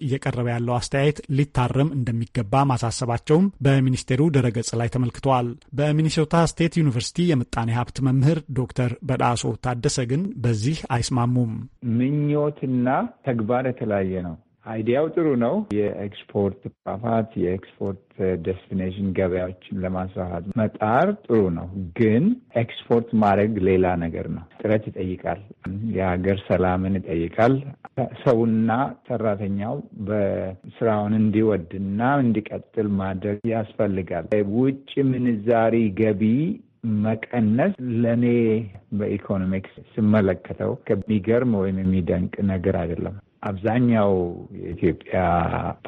እየቀረበ ያለው አስተያየት ሊታረም እንደሚገባ ማሳሰባቸውም በሚኒስቴሩ ድረገጽ ላይ ተመልክተዋል። በሚኒሶታ ስቴት ዩኒቨርሲቲ የምጣኔ ሀብት መምህር ዶክተር በዳሶ ታደሰ ግን በዚህ አይስማሙም። ምኞትና ተግባር የተለያየ ነው። አይዲያው ጥሩ ነው። የኤክስፖርት ፓፋት የኤክስፖርት ዴስቲኔሽን ገበያዎችን ለማስፋፋት መጣር ጥሩ ነው፣ ግን ኤክስፖርት ማድረግ ሌላ ነገር ነው። ጥረት ይጠይቃል። የሀገር ሰላምን ይጠይቃል። ሰውና ሰራተኛው በስራውን እንዲወድና እንዲቀጥል ማድረግ ያስፈልጋል። ውጭ ምንዛሪ ገቢ መቀነስ ለእኔ በኢኮኖሚክስ ስመለከተው ከሚገርም ወይም የሚደንቅ ነገር አይደለም። አብዛኛው የኢትዮጵያ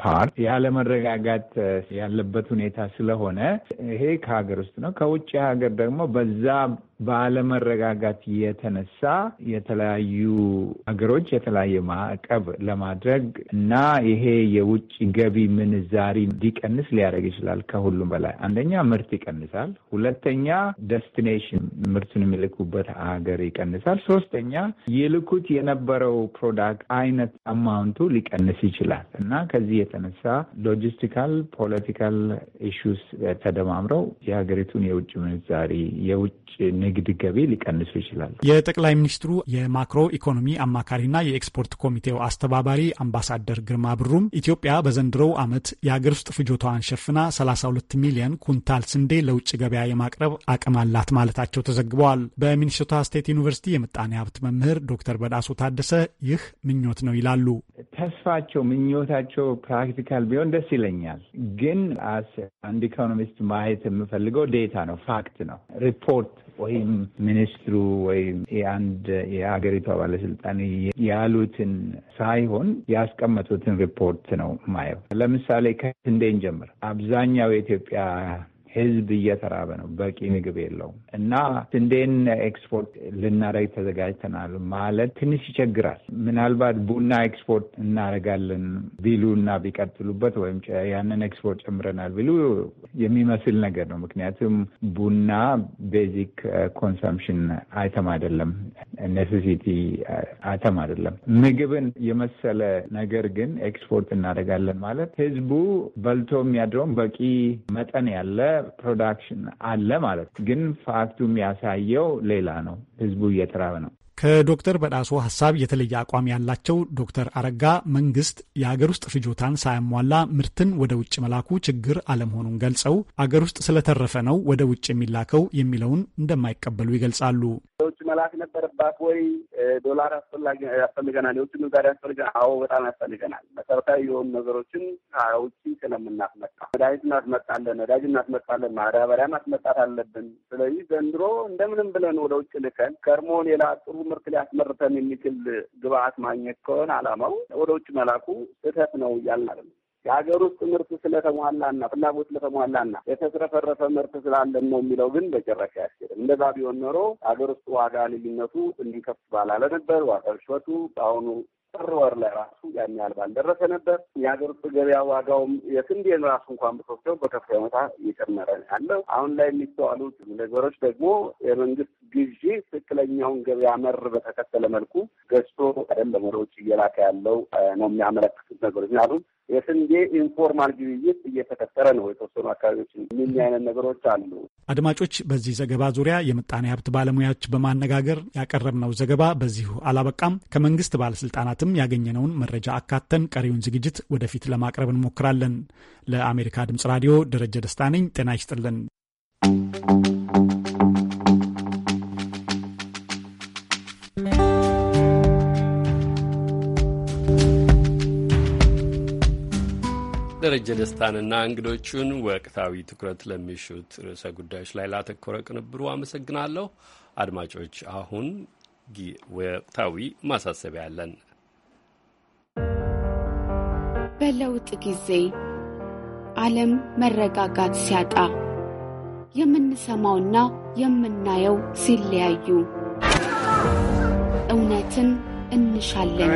ፓርት ያለመረጋጋት ያለበት ሁኔታ ስለሆነ ይሄ ከሀገር ውስጥ ነው። ከውጭ ሀገር ደግሞ በዛ ባለመረጋጋት የተነሳ የተለያዩ ሀገሮች የተለያየ ማዕቀብ ለማድረግ እና ይሄ የውጭ ገቢ ምንዛሪ እንዲቀንስ ሊያደርግ ይችላል። ከሁሉም በላይ አንደኛ ምርት ይቀንሳል። ሁለተኛ ደስቲኔሽን ምርቱን የሚልኩበት ሀገር ይቀንሳል። ሶስተኛ ይልኩት የነበረው ፕሮዳክት አይነት አማውንቱ ሊቀንስ ይችላል እና ከዚህ የተነሳ ሎጂስቲካል ፖለቲካል ኢሹስ ተደማምረው የሀገሪቱን የውጭ ምንዛሪ የውጭ ንግድ ገቢ ሊቀንሱ ይችላሉ። የጠቅላይ ሚኒስትሩ የማክሮ ኢኮኖሚ አማካሪና የኤክስፖርት ኮሚቴው አስተባባሪ አምባሳደር ግርማ ብሩም ኢትዮጵያ በዘንድሮው ዓመት የሀገር ውስጥ ፍጆታዋን ሸፍና 32 ሚሊዮን ኩንታል ስንዴ ለውጭ ገበያ የማቅረብ አቅም አላት ማለታቸው ተዘግበዋል። በሚኒሶታ ስቴት ዩኒቨርሲቲ የምጣኔ ሀብት መምህር ዶክተር በዳሶ ታደሰ ይህ ምኞት ነው ይላሉ። ተስፋቸው ምኞታቸው ፕራክቲካል ቢሆን ደስ ይለኛል። ግን አንድ ኢኮኖሚስት ማየት የምፈልገው ዴታ ነው፣ ፋክት ነው፣ ሪፖርት ወይም ሚኒስትሩ ወይም የአንድ የሀገሪቷ ባለስልጣን ያሉትን ሳይሆን ያስቀመጡትን ሪፖርት ነው ማየው። ለምሳሌ ከስንዴን ጀምር አብዛኛው የኢትዮጵያ ህዝብ እየተራበ ነው፣ በቂ ምግብ የለውም እና ስንዴን ኤክስፖርት ልናደርግ ተዘጋጅተናል ማለት ትንሽ ይቸግራል። ምናልባት ቡና ኤክስፖርት እናደርጋለን ቢሉ እና ቢቀጥሉበት ወይም ያንን ኤክስፖርት ጨምረናል ቢሉ የሚመስል ነገር ነው። ምክንያቱም ቡና ቤዚክ ኮንሰምሽን አይተም አይደለም፣ ኔሴሲቲ አይተም አይደለም። ምግብን የመሰለ ነገር ግን ኤክስፖርት እናደርጋለን ማለት ህዝቡ በልቶ የሚያድረውም በቂ መጠን ያለ ፕሮዳክሽን አለ ማለት ግን ፋክቱ የሚያሳየው ሌላ ነው። ህዝቡ እየተራበ ነው። ከዶክተር በዳሶ ሀሳብ የተለየ አቋም ያላቸው ዶክተር አረጋ መንግስት የአገር ውስጥ ፍጆታን ሳያሟላ ምርትን ወደ ውጭ መላኩ ችግር አለመሆኑን ገልጸው አገር ውስጥ ስለተረፈ ነው ወደ ውጭ የሚላከው የሚለውን እንደማይቀበሉ ይገልጻሉ። የውጭ መላክ ነበረባት ወይ? ዶላር አስፈላጊ ያስፈልገናል፣ የውጭ ምንዛሪ ያስፈልገናል። አዎ በጣም ያስፈልገናል። መሰረታዊ የሆኑ ነገሮችን ከውጭ ስለምናስመጣ መድኃኒት እናስመጣለን፣ ነዳጅ እናስመጣለን፣ ማዳበሪያ ማስመጣት አለብን። ስለዚህ ዘንድሮ እንደምንም ብለን ወደ ውጭ ልከን ከርሞ ሌላ ጥሩ ምርት ሊያስመርተን የሚችል ግብአት ማግኘት ከሆነ አላማው ወደ ውጭ መላኩ ስህተት ነው እያልን የሀገር ውስጥ ምርት ስለተሟላና ፍላጎት ስለተሟላና የተትረፈረፈ ምርት ስላለን ነው የሚለው ግን በጭራሽ አያስኬድም። እንደዛ ቢሆን ኖሮ ሀገር ውስጥ ዋጋ ልዩነቱ እንዲከፍ ባላለ ነበር። ዋጋ ግሽበቱ በአሁኑ ጥር ወር ላይ ራሱ ያን ያህል ባልደረሰ ነበር። የሀገር ውስጥ ገበያ ዋጋውም የስንዴን ራሱ እንኳን ብትወስደው በከፍተኛ ሁኔታ እየጨመረ ነው ያለው። አሁን ላይ የሚስተዋሉት ነገሮች ደግሞ የመንግስት ግዢ ትክክለኛውን ገበያ መር በተከተለ መልኩ ገዝቶ ቀደም ለመሮች እየላከ ያለው ነው የሚያመለክት ነገሮች ምክንያቱም የስንዴ ኢንፎርማል ግብይት እየተፈጠረ ነው። የተወሰኑ አካባቢዎች ምን አይነት ነገሮች አሉ። አድማጮች፣ በዚህ ዘገባ ዙሪያ የምጣኔ ሀብት ባለሙያዎች በማነጋገር ያቀረብነው ዘገባ በዚሁ አላበቃም። ከመንግስት ባለስልጣናትም ያገኘነውን መረጃ አካተን ቀሪውን ዝግጅት ወደፊት ለማቅረብ እንሞክራለን። ለአሜሪካ ድምጽ ራዲዮ ደረጀ ደስታ ነኝ። ጤና ይስጥልን። ደረጀ ደስታንና እንግዶቹን ወቅታዊ ትኩረት ለሚሹት ርዕሰ ጉዳዮች ላይ ላተኮረ ቅንብሩ አመሰግናለሁ። አድማጮች፣ አሁን ወቅታዊ ማሳሰቢያ አለን። በለውጥ ጊዜ ዓለም መረጋጋት ሲያጣ የምንሰማውና የምናየው ሲለያዩ እውነትን እንሻለን።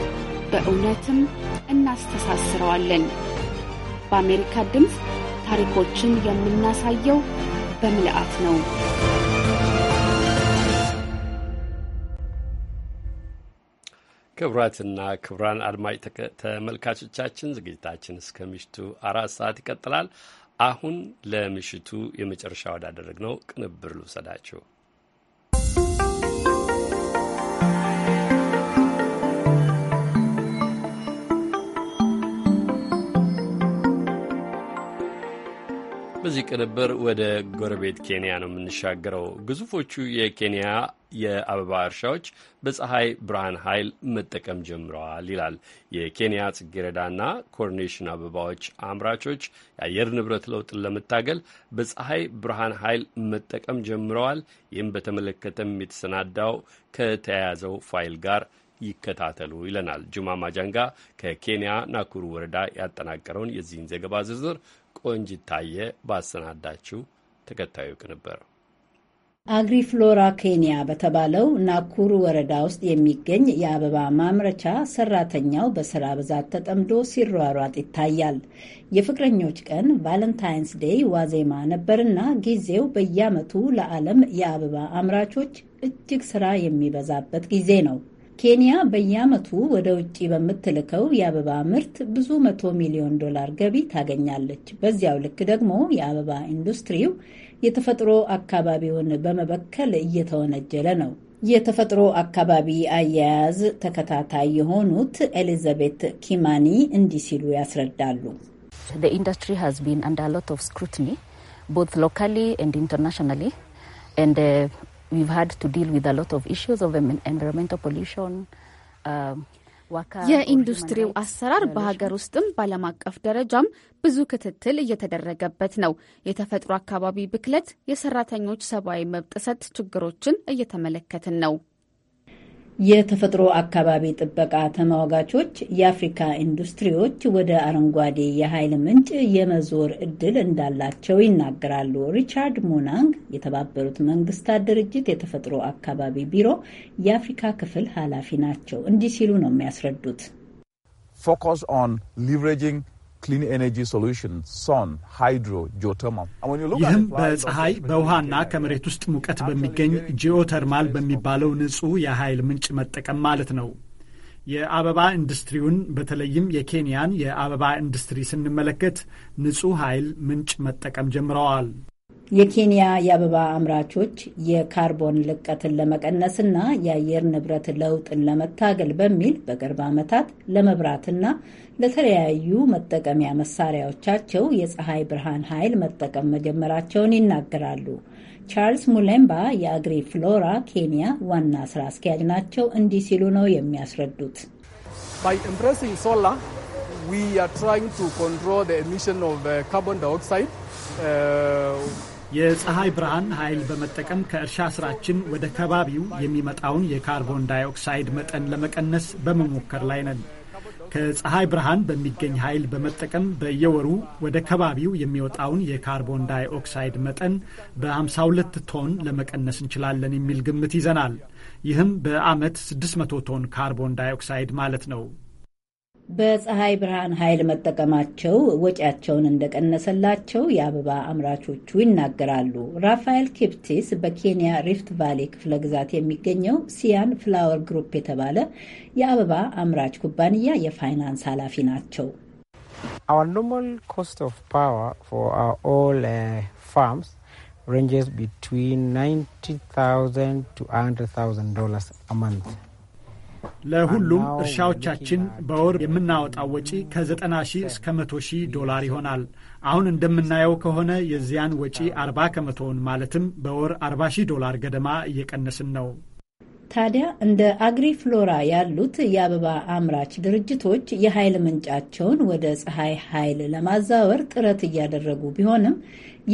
በእውነትም እናስተሳስረዋለን። በአሜሪካ ድምፅ ታሪኮችን የምናሳየው በምልአት ነው። ክቡራትና ክቡራን አድማጭ ተመልካቾቻችን ዝግጅታችን እስከ ምሽቱ አራት ሰዓት ይቀጥላል። አሁን ለምሽቱ የመጨረሻ ወዳደረግነው ቅንብር ልውሰዳችሁ። በዚህ ቅንብር ወደ ጎረቤት ኬንያ ነው የምንሻገረው። ግዙፎቹ የኬንያ የአበባ እርሻዎች በፀሐይ ብርሃን ኃይል መጠቀም ጀምረዋል ይላል የኬንያ ጽጌረዳና ኮርኔሽን አበባዎች አምራቾች። የአየር ንብረት ለውጥን ለመታገል በፀሐይ ብርሃን ኃይል መጠቀም ጀምረዋል። ይህም በተመለከተም የተሰናዳው ከተያያዘው ፋይል ጋር ይከታተሉ ይለናል። ጁማ ማጃንጋ ከኬንያ ናኩሩ ወረዳ ያጠናቀረውን የዚህን ዘገባ ዝርዝር ቆንጅ ታየ ባሰናዳችው ተከታዩ ቅንብር አግሪ ፍሎራ ኬንያ በተባለው ናኩሩ ወረዳ ውስጥ የሚገኝ የአበባ ማምረቻ ሰራተኛው በስራ ብዛት ተጠምዶ ሲሯሯጥ ይታያል። የፍቅረኞች ቀን ቫለንታይንስ ዴይ ዋዜማ ነበርና ጊዜው በየዓመቱ ለዓለም የአበባ አምራቾች እጅግ ስራ የሚበዛበት ጊዜ ነው። ኬንያ በየዓመቱ ወደ ውጭ በምትልከው የአበባ ምርት ብዙ መቶ ሚሊዮን ዶላር ገቢ ታገኛለች። በዚያው ልክ ደግሞ የአበባ ኢንዱስትሪው የተፈጥሮ አካባቢውን በመበከል እየተወነጀለ ነው። የተፈጥሮ አካባቢ አያያዝ ተከታታይ የሆኑት ኤሊዛቤት ኪማኒ እንዲህ ሲሉ ያስረዳሉ። ኢንዱስትሪ ሃዝ ቢን አንደር ሎት ኦፍ ስክሩቲኒ ሎካሊ ኤንድ ኢንተርናሽናሊ Um, የኢንዱስትሪው አሰራር በሀገር ውስጥም በዓለም አቀፍ ደረጃም ብዙ ክትትል እየተደረገበት ነው። የተፈጥሮ አካባቢ ብክለት፣ የሰራተኞች ሰብአዊ መብት ጥሰት ችግሮችን እየተመለከትን ነው። የተፈጥሮ አካባቢ ጥበቃ ተሟጋቾች የአፍሪካ ኢንዱስትሪዎች ወደ አረንጓዴ የኃይል ምንጭ የመዞር እድል እንዳላቸው ይናገራሉ። ሪቻርድ ሞናንግ የተባበሩት መንግስታት ድርጅት የተፈጥሮ አካባቢ ቢሮ የአፍሪካ ክፍል ኃላፊ ናቸው። እንዲህ ሲሉ ነው የሚያስረዱት ፎከስ ኦን ሊቨሬጂንግ ይህም በፀሐይ በውሃና ከመሬት ውስጥ ሙቀት በሚገኝ ጂኦተርማል በሚባለው ንጹህ የኃይል ምንጭ መጠቀም ማለት ነው። የአበባ ኢንዱስትሪውን በተለይም የኬንያን የአበባ ኢንዱስትሪ ስንመለከት ንጹህ ኃይል ምንጭ መጠቀም ጀምረዋል። የኬንያ የአበባ አምራቾች የካርቦን ልቀትን ለመቀነስና የአየር ንብረት ለውጥን ለመታገል በሚል በቅርብ ዓመታት ለመብራትና ለተለያዩ መጠቀሚያ መሳሪያዎቻቸው የፀሐይ ብርሃን ኃይል መጠቀም መጀመራቸውን ይናገራሉ። ቻርልስ ሙሌምባ የአግሪ ፍሎራ ኬንያ ዋና ስራ አስኪያጅ ናቸው። እንዲህ ሲሉ ነው የሚያስረዱት። uh, uh, የፀሐይ ብርሃን ኃይል በመጠቀም ከእርሻ ስራችን ወደ ከባቢው የሚመጣውን የካርቦን ዳይኦክሳይድ መጠን ለመቀነስ በመሞከር ላይ ነን። ከፀሐይ ብርሃን በሚገኝ ኃይል በመጠቀም በየወሩ ወደ ከባቢው የሚወጣውን የካርቦን ዳይ ኦክሳይድ መጠን በ52 ቶን ለመቀነስ እንችላለን የሚል ግምት ይዘናል። ይህም በዓመት 600 ቶን ካርቦን ዳይ ኦክሳይድ ማለት ነው። በፀሐይ ብርሃን ኃይል መጠቀማቸው ወጪያቸውን እንደቀነሰላቸው የአበባ አምራቾቹ ይናገራሉ። ራፋኤል ኬፕቲስ በኬንያ ሪፍት ቫሌ ክፍለ ግዛት የሚገኘው ሲያን ፍላወር ግሩፕ የተባለ የአበባ አምራች ኩባንያ የፋይናንስ ኃላፊ ናቸው። ሬንጀስ ቢትዊን 90,000 to 100,000 ዶላርስ a month. ለሁሉም እርሻዎቻችን በወር የምናወጣው ወጪ ከ90 ሺህ እስከ 100 ዶላር ይሆናል። አሁን እንደምናየው ከሆነ የዚያን ወጪ 40 ከመቶውን ማለትም በወር 40 ሺህ ዶላር ገደማ እየቀነስን ነው። ታዲያ እንደ አግሪ ፍሎራ ያሉት የአበባ አምራች ድርጅቶች የኃይል ምንጫቸውን ወደ ፀሐይ ኃይል ለማዛወር ጥረት እያደረጉ ቢሆንም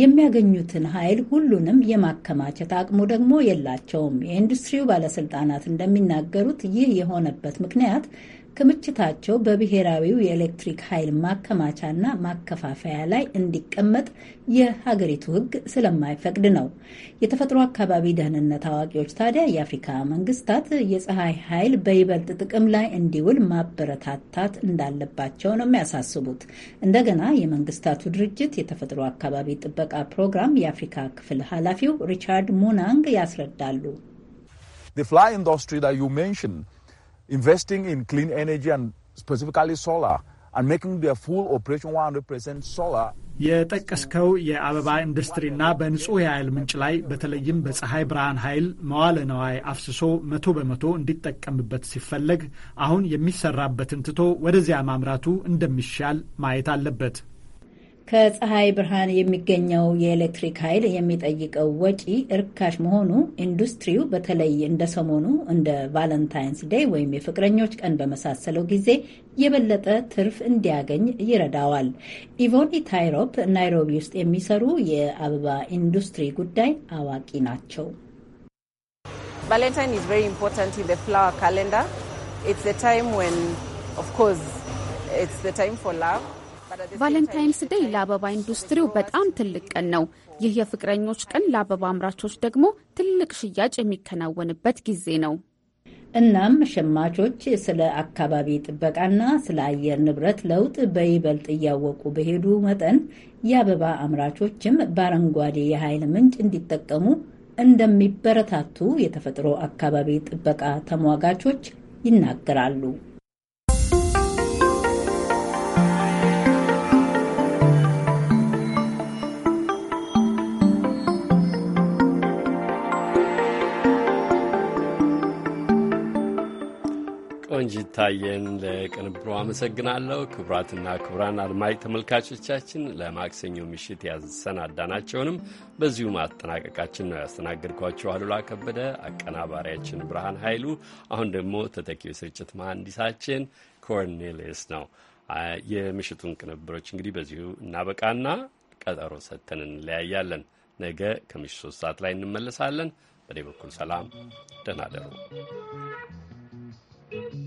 የሚያገኙትን ኃይል ሁሉንም የማከማቸት አቅሙ ደግሞ የላቸውም። የኢንዱስትሪው ባለስልጣናት እንደሚናገሩት ይህ የሆነበት ምክንያት ክምችታቸው በብሔራዊው የኤሌክትሪክ ኃይል ማከማቻና ማከፋፈያ ላይ እንዲቀመጥ የሀገሪቱ ሕግ ስለማይፈቅድ ነው። የተፈጥሮ አካባቢ ደህንነት አዋቂዎች ታዲያ የአፍሪካ መንግስታት የፀሐይ ኃይል በይበልጥ ጥቅም ላይ እንዲውል ማበረታታት እንዳለባቸው ነው የሚያሳስቡት። እንደገና የመንግስታቱ ድርጅት የተፈጥሮ አካባቢ ጥበቃ ፕሮግራም የአፍሪካ ክፍል ኃላፊው ሪቻርድ ሙናንግ ያስረዳሉ። investing in clean energy and specifically solar and making their full operation 100% solar የጠቀስከው የአበባ ኢንዱስትሪና በንጹህ የኃይል ምንጭ ላይ በተለይም በፀሐይ ብርሃን ኃይል መዋለ ነዋይ አፍስሶ መቶ በመቶ እንዲጠቀምበት ሲፈለግ አሁን የሚሰራበትን ትቶ ወደዚያ ማምራቱ እንደሚሻል ማየት አለበት። ከፀሐይ ብርሃን የሚገኘው የኤሌክትሪክ ኃይል የሚጠይቀው ወጪ እርካሽ መሆኑ ኢንዱስትሪው በተለይ እንደ ሰሞኑ እንደ ቫለንታይንስ ዴይ ወይም የፍቅረኞች ቀን በመሳሰለው ጊዜ የበለጠ ትርፍ እንዲያገኝ ይረዳዋል። ኢቮኒ ታይሮፕ ናይሮቢ ውስጥ የሚሰሩ የአበባ ኢንዱስትሪ ጉዳይ አዋቂ ናቸው። ቫለንታይን ኢዝ ኢምፖርታንት ኢን ዘ ፍላወር ካሌንደር ኢትስ ዘ ታይም ኦፍ ኮርስ ኢትስ ዘ ታይም ፎር ላቭ ቫለንታይንስ ዴይ ለአበባ ኢንዱስትሪው በጣም ትልቅ ቀን ነው። ይህ የፍቅረኞች ቀን ለአበባ አምራቾች ደግሞ ትልቅ ሽያጭ የሚከናወንበት ጊዜ ነው። እናም ሸማቾች ስለ አካባቢ ጥበቃና ስለ አየር ንብረት ለውጥ በይበልጥ እያወቁ በሄዱ መጠን የአበባ አምራቾችም በአረንጓዴ የኃይል ምንጭ እንዲጠቀሙ እንደሚበረታቱ የተፈጥሮ አካባቢ ጥበቃ ተሟጋቾች ይናገራሉ። ቆንጂት ታየን ለቅንብሩ አመሰግናለሁ። ክቡራትና ክቡራን አድማጭ ተመልካቾቻችን ለማክሰኞ ምሽት ያሰናዳናቸውንም በዚሁ ማጠናቀቃችን ነው። ያስተናገድኳቸው አሉላ ከበደ፣ አቀናባሪያችን ብርሃን ኃይሉ፣ አሁን ደግሞ ተተኪው ስርጭት መሐንዲሳችን ኮርኔሌስ ነው። የምሽቱን ቅንብሮች እንግዲህ በዚሁ እናበቃና ቀጠሮ ሰጥተን እንለያያለን። ነገ ከምሽት ሶስት ሰዓት ላይ እንመለሳለን። በእኔ በኩል ሰላም፣ ደህና you